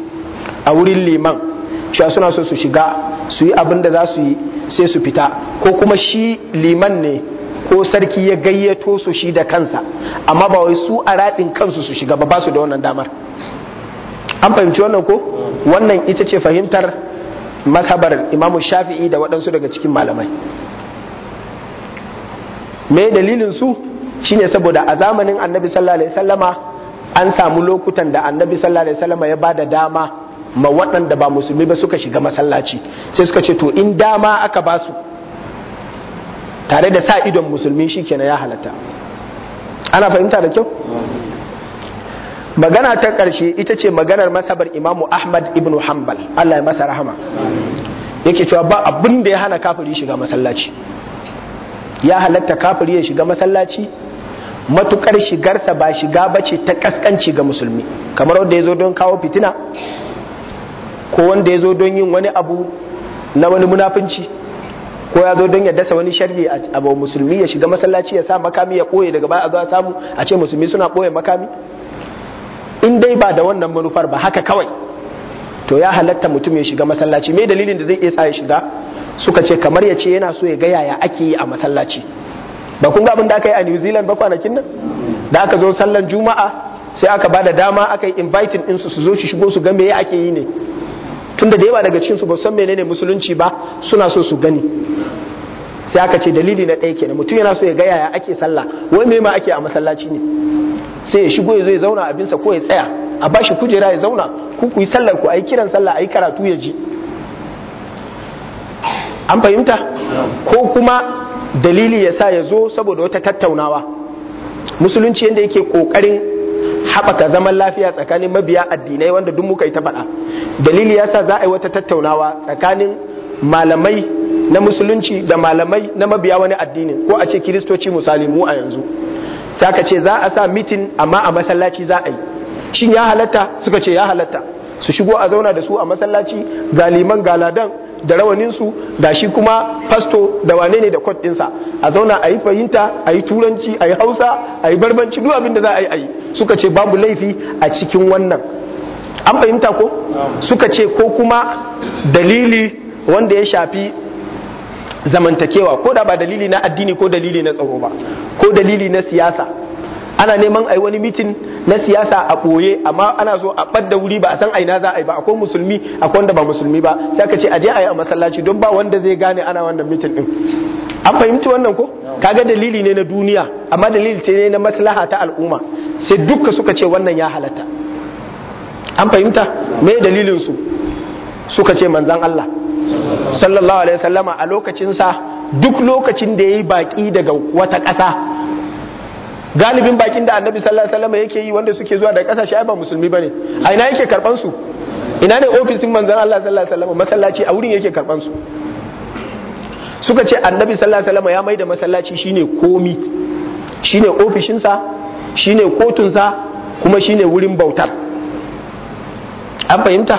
Speaker 1: a wurin liman cewa suna so su shiga su yi abin da za su yi sai su fita ko kuma shi liman ne ko sarki ya gayyato su shi da kansa amma ba wai su a raɗin kansu su shiga ba ba su da wannan damar an fahimci wannan ko wannan ita ce fahimtar makabar imamu shafi'i da waɗansu daga cikin malamai me dalilin su shine saboda a zamanin annabi sallallahu alaihi sallama an samu lokutan da annabi sallallahu alaihi sallama ya bada dama ma waɗanda ba musulmi ba suka shiga masallaci sai suka ce to in dama aka ba su tare da sa idon musulmi kenan ya halatta ana fahimta da kyau magana ta ƙarshe ita ce maganar masabar imamu ahmad ibn hanbal allah ya masa rahama yake cewa ba abin da ya hana kafiri shiga masallaci ya halatta kafiri ya shiga masallaci matukar shigarsa ba shiga ba ce ta kaskanci ga musulmi kamar wanda ya zo don kawo fitina ko wanda ya zo don yin wani abu na wani munafunci ko ya zo don ya dasa wani sharri a musulmi ya shiga masallaci ya sa makami ya koye daga baya a a samu a ce musulmi suna koye makami in dai ba da wannan manufar ba haka kawai to ya halatta mutum ya shiga masallaci me dalilin da zai iya sa ya shiga suka ce kamar ya ce yana so ya ga yaya ake yi a masallaci ba kun abin da aka yi a New Zealand ba kwanakin nan da aka zo sallan juma'a sai aka ba da dama aka yi inviting din su su zo su shigo su ga me ake yi ne
Speaker 2: tunda da yawa daga cikin su
Speaker 1: ba san menene musulunci ba suna so su gani sai aka ce dalili na ɗaya kenan mutum yana so ya ga yaya ake sallah wai me ma ake a masallaci ne sai ya shigo ya zo ya zauna abinsa ko ya tsaya a bashi kujera ya zauna ku ku yi sallar ku ayi kiran sallah ayi karatu ya ji an fahimta ko kuma dalili ya sa ya zo saboda wata tattaunawa musulunci yadda yake kokarin haɓaka zaman lafiya tsakanin mabiya addinai wanda duk muka yi ta faɗa dalili yasa za a yi wata tattaunawa tsakanin malamai na musulunci da malamai na mabiya wani addinin ko a ce kiristoci misali mu a yanzu saka ce za a sa mitin amma a masallaci za a yi shin ya halatta suka ce ya halatta su shigo a zauna da su a masallaci ga liman galadan da rawaninsu da shi kuma fasto da wane ne da kwat ɗinsa a zauna a yi fahimta a yi turanci a yi hausa a yi barbanci duk abin da za a yi a yi suka ce babu laifi a cikin wannan an fahimta ko suka ce ko kuma dalili wanda ya shafi zamantakewa ko da ba dalili na addini ko dalili na tsaro ba ko dalili na siyasa ana neman a yi wani mitin na siyasa a ɓoye amma ana so a ɓadda wuri ba a san aina za a yi ba akwai musulmi akwai wanda ba musulmi ba sai ka ce a je a yi a masallaci don ba wanda zai gane ana wannan mitin din an fahimci wannan ko kaga dalili ne na duniya amma dalili ne na maslaha ta al'umma sai dukka suka ce wannan ya halatta an fahimta me dalilinsu suka ce manzan Allah sallallahu alaihi wasallama a lokacinsa duk lokacin da ya yi baƙi daga wata ƙasa galibin bakin da annabi sallallahu alaihi wasallama yake yi wanda suke zuwa daga ƙasashe ai ba musulmi ba ne a ina yake karɓansu ina ne ofisin manzan Allah sallallahu alaihi wasallama masallaci a wurin yake karɓansu suka ce annabi sallallahu alaihi ya mai da masallaci shine komi shine ofishinsa shine kotunsa kuma shine wurin bautar an fahimta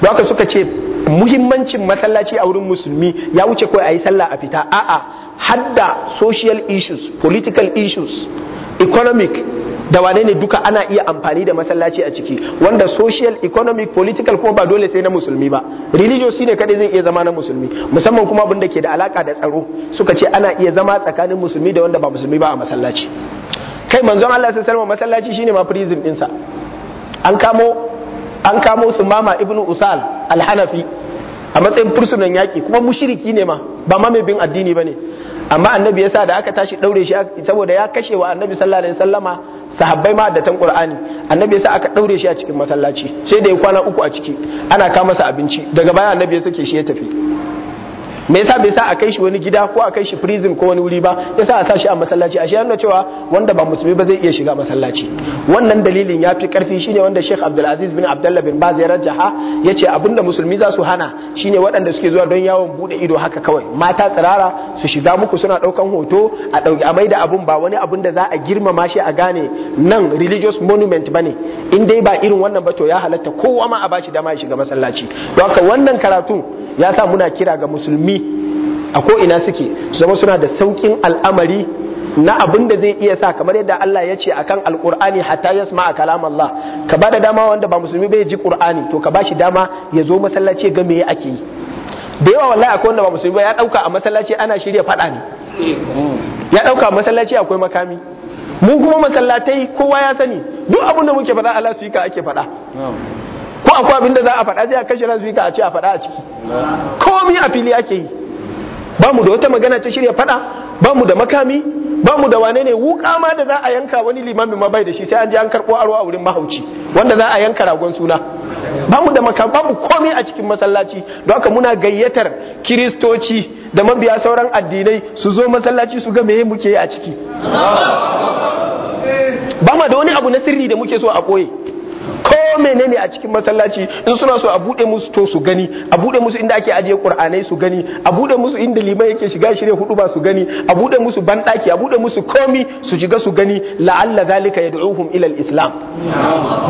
Speaker 1: don suka ce muhimmancin masallaci a wurin musulmi ya wuce kawai a yi sallah a fita a'a hadda social issues political issues economic da wane ne duka ana iya amfani da masallaci a ciki wanda social economic political kuma ba dole sai na musulmi ba religious ne kadai zai iya zama na musulmi musamman kuma abin ke da alaka da tsaro suka ce ana iya zama tsakanin musulmi da wanda ba musulmi ba a masallaci kai manzon Allah sai alaihi wasallam masallaci shine ma prison dinsa an kamo an kamo mama ibnu usal alhanafi a matsayin fursunan yaƙi kuma mushiriki ne ma ba ma mai bin addini ba ne amma annabi ya sa da aka tashi ɗaure shi saboda ya kashe wa annabi sallallahu alaihi sallama, sahabbai ma da tan qur'ani annabi ya sa aka ɗaure shi a cikin masallaci sai da ya kwana uku a ciki ana kama sa abinci daga baya annabi ya sake shi ya tafi me yasa bai sa a kai shi wani gida ko a kai shi prison ko wani wuri ba yasa a sa shi a masallaci a yana cewa wanda ba musulmi ba zai iya shiga masallaci wannan dalilin ya fi karfi shine wanda Sheikh Abdul Aziz bin Abdullah bin Baz ya rajaha yace abinda musulmi za su hana shine waɗanda suke zuwa don yawon buɗe ido haka kawai mata tsirara su shiga muku suna daukan hoto a dauki a maida abun ba wani abun da za a girmama shi a gane nan religious monument ba ne. in dai ba irin wannan ba to ya halatta kowa ma a bashi dama ya shiga masallaci don haka wannan karatu ya sa muna kira ga musulmi a koina suke su zama suna da saukin al'amari na abin da zai iya sa kamar yadda Allah ya ce akan Alƙur'ani hatta a kalam Allah ka ba da dama wanda ba musulmi bai ji ƙur'ani to ka ba shi dama ya zo masallaci ga me ake yi da yawa wallahi akwai wanda ba musulmi ba ya dauka a masallaci ana shirya faɗa ne ya ɗauka a masallaci akwai makami mu kuma masallatai kowa ya sani duk abin da muke faɗa Allah su ake faɗa ko akwai abin da za a faɗa sai a kashe a ce a faɗa a ciki komai a fili ake yi ba mu da wata magana ta shirya faɗa ba mu da makami ba mu da wane ne wuka ma da za a yanka wani limamin ma bai da shi sai an je an karɓo aro a wurin mahauci wanda za a yanka ragon suna ba mu da makami ba mu komai a cikin masallaci don haka muna gayyatar kiristoci da mabiya sauran addinai su zo masallaci su ga meye muke yi a ciki ba ma da wani abu na sirri da muke so a koye ko menene a cikin masallaci in suna so a bude musu to su gani a bude musu inda ake ajiye qur'anai su gani a bude musu inda liman yake shiga shirye hudu ba su gani a bude musu bandaki a bude musu komi su shiga su gani la'alla zalika yad'uhum ila al-islam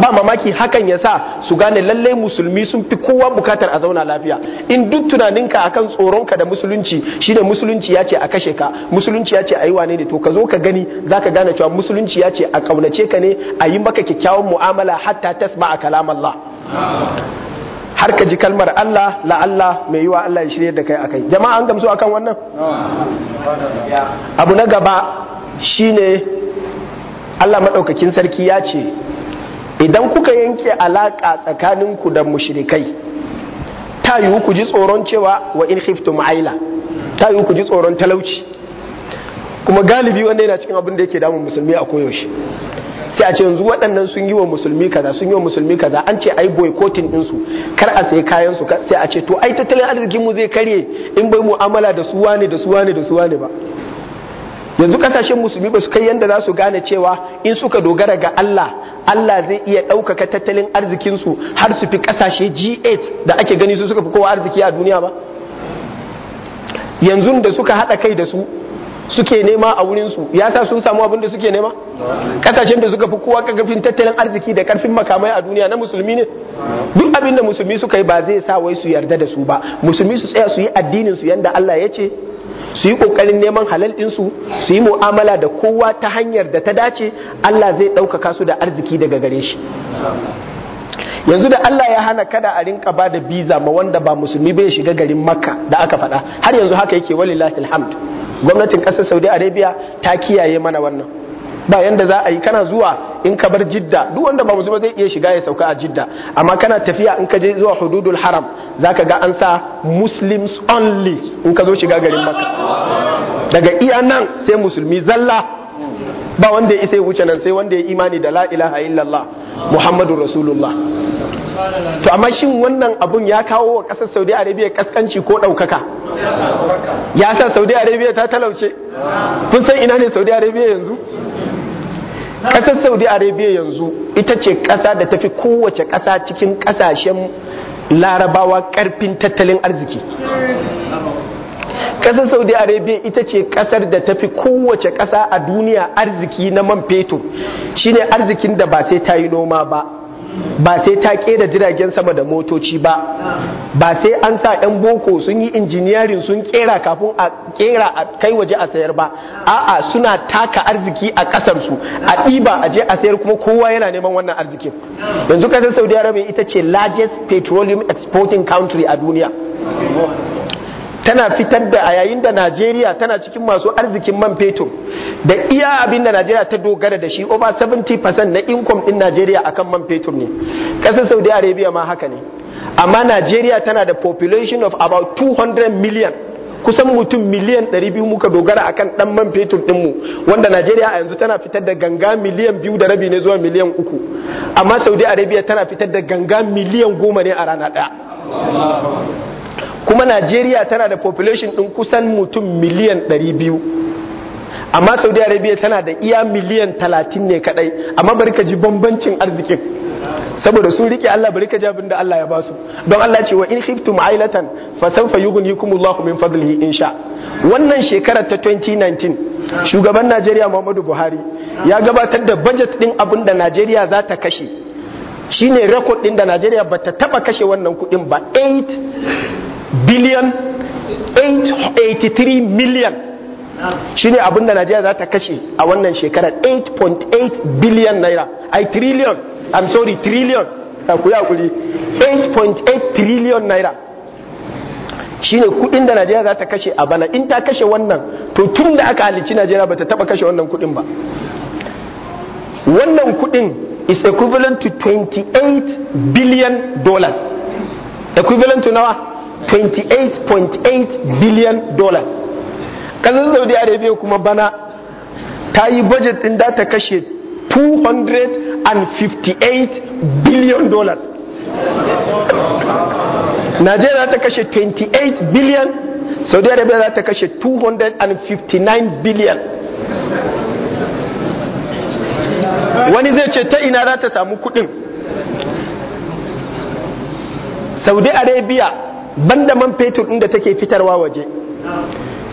Speaker 1: ba mamaki hakan yasa su gane lallai musulmi sun fi kowa bukatar a zauna lafiya in duk tunaninka akan tsoronka da musulunci shine musulunci yace a kashe ka musulunci ya a yi wane ne to ka zo ka gani zaka gane cewa musulunci ya ce a kaunace ka ne a yi maka kyakkyawan mu'amala hatta tasma'a kalam Allah har ka ji kalmar Allah la Allah mai yiwa Allah ya shirye da kai akai jama'a an gamsu akan wannan abu na gaba shi ne Allah madaukakin sarki ya ce idan kuka yanke alaka tsakaninku da mushrikai ta yiwu ku ji tsoron cewa wa in khiftum aila ta yiwu ku ji tsoron talauci kuma galibi wanda yana cikin abin da yake damun musulmi a koyaushe sai a ce yanzu waɗannan sun yi wa musulmi kaza sun yi wa musulmi kaza an ce ai boycotting din su kar a sayi kayan su sai a ce to ai tattalin arzikin mu zai karye in bai mu'amala da su wane da su wane da su wane ba yanzu kasashen musulmi ba su kai yadda za su gane cewa in suka dogara ga Allah Allah zai iya ɗaukaka tattalin arzikinsu har su fi kasashe G8 da ake gani su suka fi kowa arziki a duniya ba yanzu da suka haɗa kai da su suke nema a wurinsu ya sa sun samu abin da suke nema kasashen da suka fi kowa karfin tattalin arziki da karfin makamai a duniya na musulmi ne duk abin da musulmi suka yi ba zai sa wai su yarda da su ba musulmi su tsaya su yi addinin su yanda Allah ya ce su yi kokarin neman halal din su su yi mu'amala da kowa ta hanyar da ta dace Allah zai ɗaukaka su da arziki daga gare shi yanzu da Allah ya hana kada a rinka ba da biza ma wanda ba musulmi bai shiga garin makka da aka faɗa har yanzu haka yake walillahi alhamd gwamnatin ƙasar saudi arabia ta kiyaye mana wannan ba yanda za a yi kana zuwa in ka bar jidda duk wanda ba musulma zai iya shiga ya sauka a jidda amma kana tafiya in ka je zuwa hududul haram za ka ga an sa muslims only in ka zo shiga garin maka daga iya nan sai musulmi zalla ba wanda ya isa ya wuce nan sai wanda ya imani da la ilaha illallah muhammadu rasulullah to amma shin wannan abun ya kawo wa ƙasar saudi arabia kaskanci ko ɗaukaka ya sa saudi arabia ta talauce kun san ina ne saudi arabia yanzu ƙasar saudi arabia yanzu ita ce ƙasa da tafi kowace ƙasa cikin ƙasashen larabawa ƙarfin tattalin arziki ƙasar saudi arabia ita ce ƙasar da tafi kowace ƙasa a duniya arziki na man fetur shine arzikin da ba sai ta yi noma ba ba sai ta ƙeda jiragen sama da motoci ba ba sai an sa 'yan boko sun yi injiniyarin sun kera kafin a kera a kai waje a sayar ba a'a suna taka arziki a kasarsu a ɗiba a je a sayar kuma kowa yana neman wannan arzikin yanzu kasar saudi arabia ita ce largest petroleum exporting country a duniya tana fitar da a yayin da Najeriya tana cikin masu arzikin man fetur da iya abin da Najeriya ta dogara da shi over 70% na income din Najeriya akan man fetur ne kasar Saudi Arabia ma haka ne amma Najeriya tana da population of about 200 million kusan mutum miliyan 200 muka dogara akan dan man fetur dinmu wanda Najeriya a yanzu tana fitar da ganga miliyan biyu da rabi ne zuwa miliyan uku amma Saudi Arabia tana fitar da ganga miliyan goma ne a rana ɗaya kuma najeriya tana da population ɗin kusan mutum miliyan 200 amma saudi arabia tana da iya miliyan 30 ne kadai amma bari ka ji bambancin arzikin saboda sun rike Allah bari ka ji abin da Allah ya basu don Allah ce wa in khiftum ailatan fa sawfa Allahu min fadlihi insha wannan shekarar ta 2019 shugaban Najeriya Muhammadu Buhari ya gabatar da budget ɗin abin da Najeriya za ta kashe ne record din da Najeriya ba ta taba kashe wannan kudin ba 8 billion 883 million ne abin da Najeriya za ta kashe a wannan shekarar 8.8 billion naira ai trillion I'm sorry trillion ku ya kuli 8.8 trillion naira ne kudin da Najeriya za ta kashe a bana in ta kashe wannan to tun da aka halicci Najeriya ba ta taba kashe wannan kudin ba wannan kudin is equivalent to 28 billion dollars equivalent to nawa 28.8 billion dollars kasar saudi arabia kuma bana ta yi budget din da ta kashe 258 billion dollars najeriya ta kashe 28 billion saudi arabia za ta kashe 259 billion
Speaker 3: wani zai ce ta
Speaker 1: ina za ta samu kuɗin saudi arabia banda man fetur inda take fitarwa waje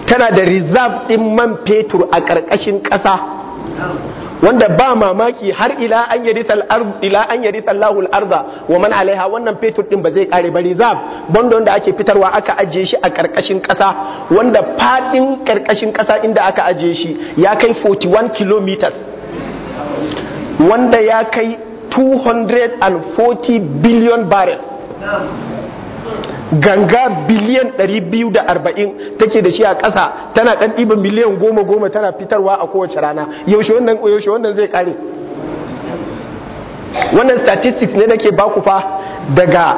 Speaker 1: tana da reserve ɗin man fetur a ƙarƙashin ƙasa wanda ba mamaki har ila an yari ila an yari arda wa man alaiha wannan fetur din ba zai kare ba reserve banda wanda ake fitarwa aka ajiye shi a ƙarƙashin ƙasa wanda faɗin karkashin ƙasa inda aka ajiye shi ya kai 41 kilometers wanda ya kai 240 billion barrels ganga biliyan 240 take da shi a ƙasa tana ɗan ɗiban miliyan goma goma tana fitarwa a kowace rana yaushe wannan zai ƙare
Speaker 3: wannan statistics
Speaker 1: ne nake baku fa daga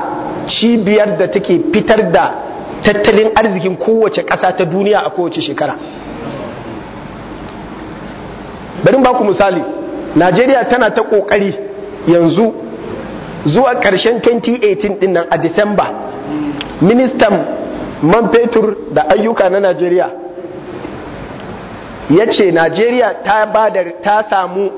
Speaker 1: cibiyar da take fitar da tattalin arzikin kowace kasa ta duniya a kowace shekara bari baku misali najeriya tana ta kokari yanzu zuwa ƙarshen 2018 din nan a disamba ministan man fetur da ayyuka na najeriya ya ce najeriya ta, ta samu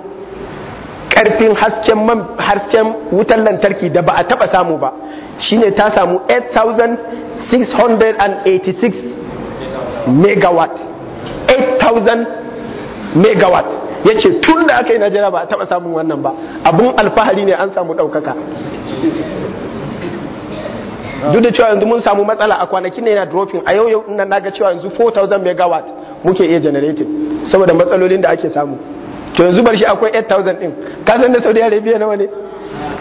Speaker 1: ƙarfin hasken wutar lantarki da ba a taɓa samu ba shine ta samu 8686 megawatt 8000 megawatt ya ce tun da aka yi najera ba a taɓa samun wannan ba abun alfahari ne an samu ɗaukaka duk da cewa yanzu mun samu matsala a kwanakin na yana dropping a yau yau ina naga cewa yanzu 4000 megawatt muke iya generated saboda matsalolin da ake samu to yanzu bar shi akwai 8000 din ka san da Saudi Arabia nawa ne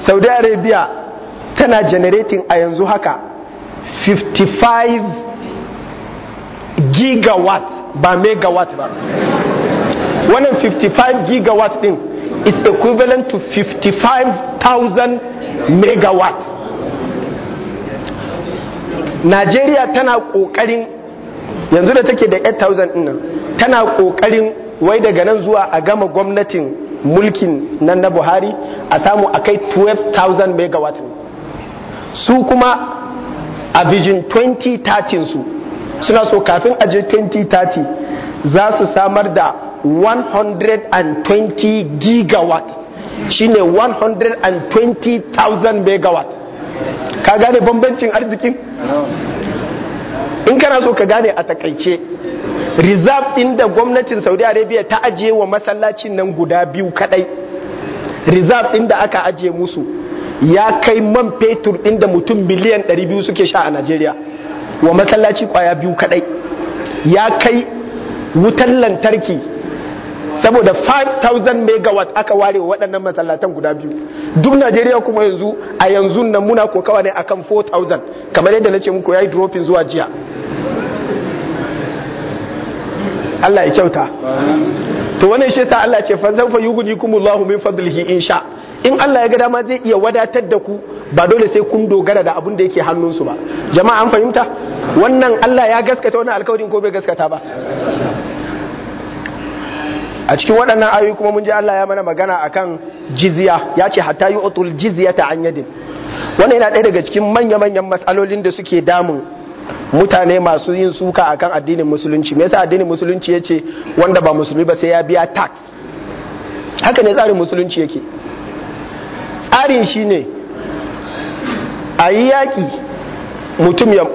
Speaker 1: Saudi Arabia tana generating a yanzu haka 55 gigawatt ba megawatt ba wannan 55 gigawatt din is equivalent to 55,000 megawatt Najeriya tana kokarin yanzu da take da 8,000 ɗin tana kokarin wai daga nan zuwa a gama gwamnatin mulkin nan na Buhari a samu a kai 12,000 megawatt su kuma a vision 2030 su suna so kafin aje 2030 za su samar da 120 gigawatt shine 120,000 megawatt ka gane bambancin arzikin in kana so ka gane a takaice reserve ɗin da gwamnatin saudi arabia ta ajiye wa masallacin nan guda biyu kadai reserve ɗin da aka ajiye musu ya kai man fetur ɗin da mutum miliyan 200 suke sha a najeriya wa masallaci kwaya biyu kadai ya kai wutan lantarki saboda 5000 megawatt aka ware waɗannan masallatan guda biyu duk Najeriya kuma yanzu a yanzu nan muna kokawa ne akan 4000 kamar yadda nace muku yayi dropping zuwa jiya Allah ya kyauta to wannan shi yasa Allah ce fa zawfa Allahu min fadlihi insha in Allah ya ga dama zai iya wadatar da ku ba dole sai kun dogara da abin da yake hannunsu ba jama'a an fahimta wannan Allah ya gaskata wannan alkawarin ko bai gaskata ba a cikin waɗannan ayoyi kuma mun ji Allah ya mana magana akan jizya ya ce hatta yu'tul jizyata ta yadin wannan yana ɗaya daga cikin manya-manyan matsalolin da suke damun mutane masu yin suka akan addinin musulunci me yasa addinin musulunci yace wanda ba musulmi ba sai ya biya tax haka ne tsarin musulunci yake tsarin shine a yi yaƙi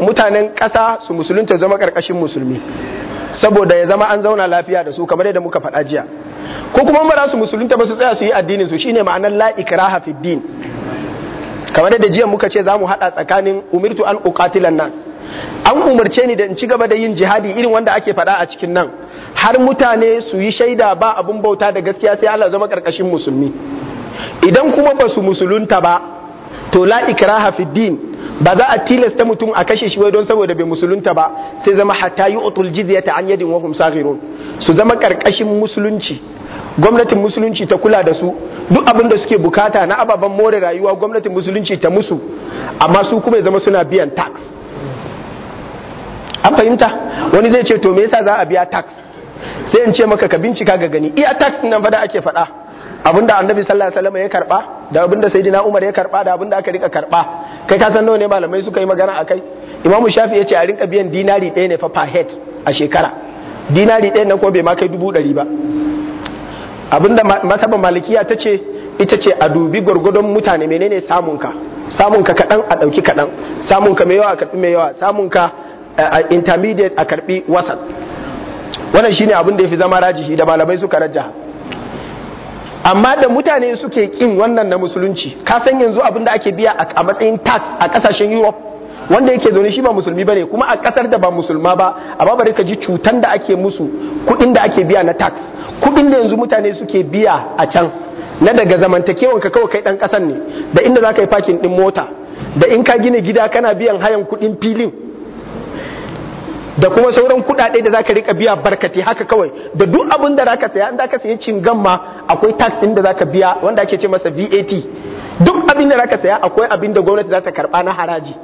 Speaker 1: mutanen ƙasa su musulunta zama ƙarƙashin musulmi saboda ya zama an zauna lafiya da su kamar yadda muka faɗa jiya ko kuma mara su musulunta ba su tsaya su yi addinin su shine ma'anar la ikraha fi din kamar yadda jiya muka ce za mu hada tsakanin umirtu an ukatilan nas an umarce ni da in ci gaba da yin jihadi irin wanda ake faɗa a cikin nan har mutane su yi shaida ba abun bauta da gaskiya sai Allah zama karkashin musulmi idan kuma ba su musulunta ba to la ikraha fi din ba za a tilasta mutum a kashe shi wai don saboda bai musulunta ba sai zama hatta yi utul jizyata an yadin wahum su zama karkashin musulunci gwamnatin musulunci ta kula da su duk abin da suke bukata na ababen more rayuwa gwamnatin musulunci ta musu amma su kuma zama suna biyan tax an fahimta wani zai ce to me yasa za a biya tax sai in ce maka ka bincika ga gani iya tax nan fa da ake faɗa abinda annabi sallallahu alaihi wasallam ya karba da abinda sayyidina umar ya karba da abinda aka rika karba kai ka san nawa ne malamai suka yi magana akai imamu shafi yace a rinka biyan dinari ɗaya ne fa per head a shekara dinari ɗaya nan ko bai ma kai dubu ɗari ba abinda masaba malikiya ta ce ita ce a dubi gwargwadon mutane menene samun ka? Samun ka kaɗan a ɗauki kaɗan ka mai yawa a karɓi mai yawa ka eh, a intermediate a karɓi wasat wannan shine abin da ya fi zama rajihi da malamai suka rajaha amma da mutane suke kin wannan na musulunci ka san yanzu abin da ake biya a matsayin tax a kasashen europe wanda yake zaune shi ba musulmi bane kuma a kasar da ba musulma ba amma bari ka ji cutan da ake musu kudin da ake biya na tax kudin da yanzu mutane suke biya a can na daga zamantakewan ka kawai kai dan kasan ne da inda zaka yi parking din mota da in ka gina gida kana biyan hayan kudin filin da kuma sauran kuɗaɗe da zaka rika biya barkati haka kawai da duk abin da zaka saya in zaka saya cin ma akwai tax din da zaka biya wanda ake ce masa VAT duk abin da zaka saya akwai abin da gwamnati za ta karba na haraji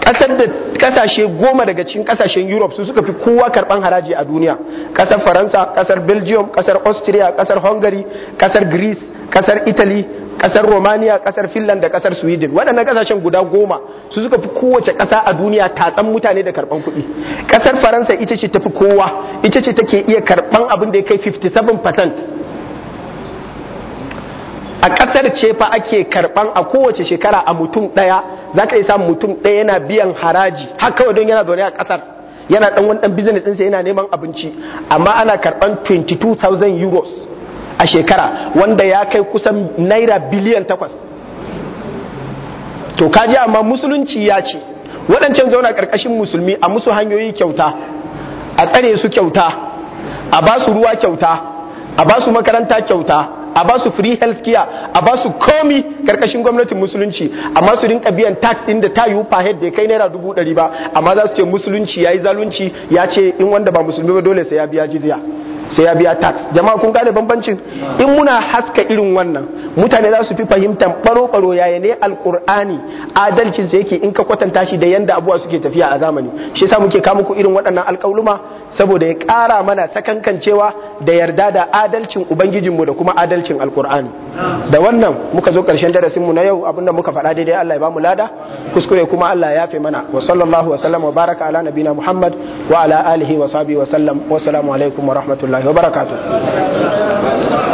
Speaker 1: kasar da kasashe goma daga cikin kasashen Europe su suka fi kowa karban haraji a duniya kasar Faransa kasar Belgium kasar Austria kasar Hungary kasar Greece kasar Italy kasar romania kasar finland da kasar sweden waɗannan kasashen guda goma su suka fi kowace ƙasa a duniya tatsan mutane da karɓan kuɗi Ƙasar faransa ita ce tafi kowa ita ce take iya karɓan abin da ya kai 57 a ƙasar ce fa ake karɓan a kowace shekara a mutum ɗaya za ka yi samun mutum ɗaya yana biyan haraji har kawai don yana zaune a ƙasar yana ɗan wani ɗan business ɗinsa yana neman abinci amma ana karɓan 22,000 euros a shekara wanda ya kai kusan naira biliyan takwas to kaji amma musulunci ya ce waɗancan zauna ƙarƙashin musulmi a musu hanyoyi kyauta a tsare su kyauta a ba su ruwa kyauta a ba su makaranta kyauta a ba su free health care a ba su komi ƙarƙashin gwamnatin musulunci amma su rinka biyan tax din da ta yiwu fahed da kai naira dubu ɗari ba amma za su ce musulunci ya yi zalunci ya ce in wanda ba musulmi ba dole sai ya biya jizya sai ya biya tax jama'a kun gane bambancin in muna haska irin wannan mutane za su fi fahimtar baro baro yaya ne alqur'ani adalcin sa yake in ka kwatanta shi da yanda abuwa suke tafiya a zamani shi yasa muke kawo muku irin waɗannan alƙawluma saboda ya ƙara mana sakankancewa da yarda da adalcin ubangijinmu da kuma adalcin Alƙur'ani. da wannan muka zo ƙarshen darasinmu na yau abinda muka faɗa daidai Allah ya bamu lada kuskure kuma Allah ya yafe mana wa sallallahu wa sallam wa baraka ala nabina Muhammad wa ala alihi wa sahbihi wa sallam wa alaikum wa rahmatullahi wa
Speaker 3: barakatuh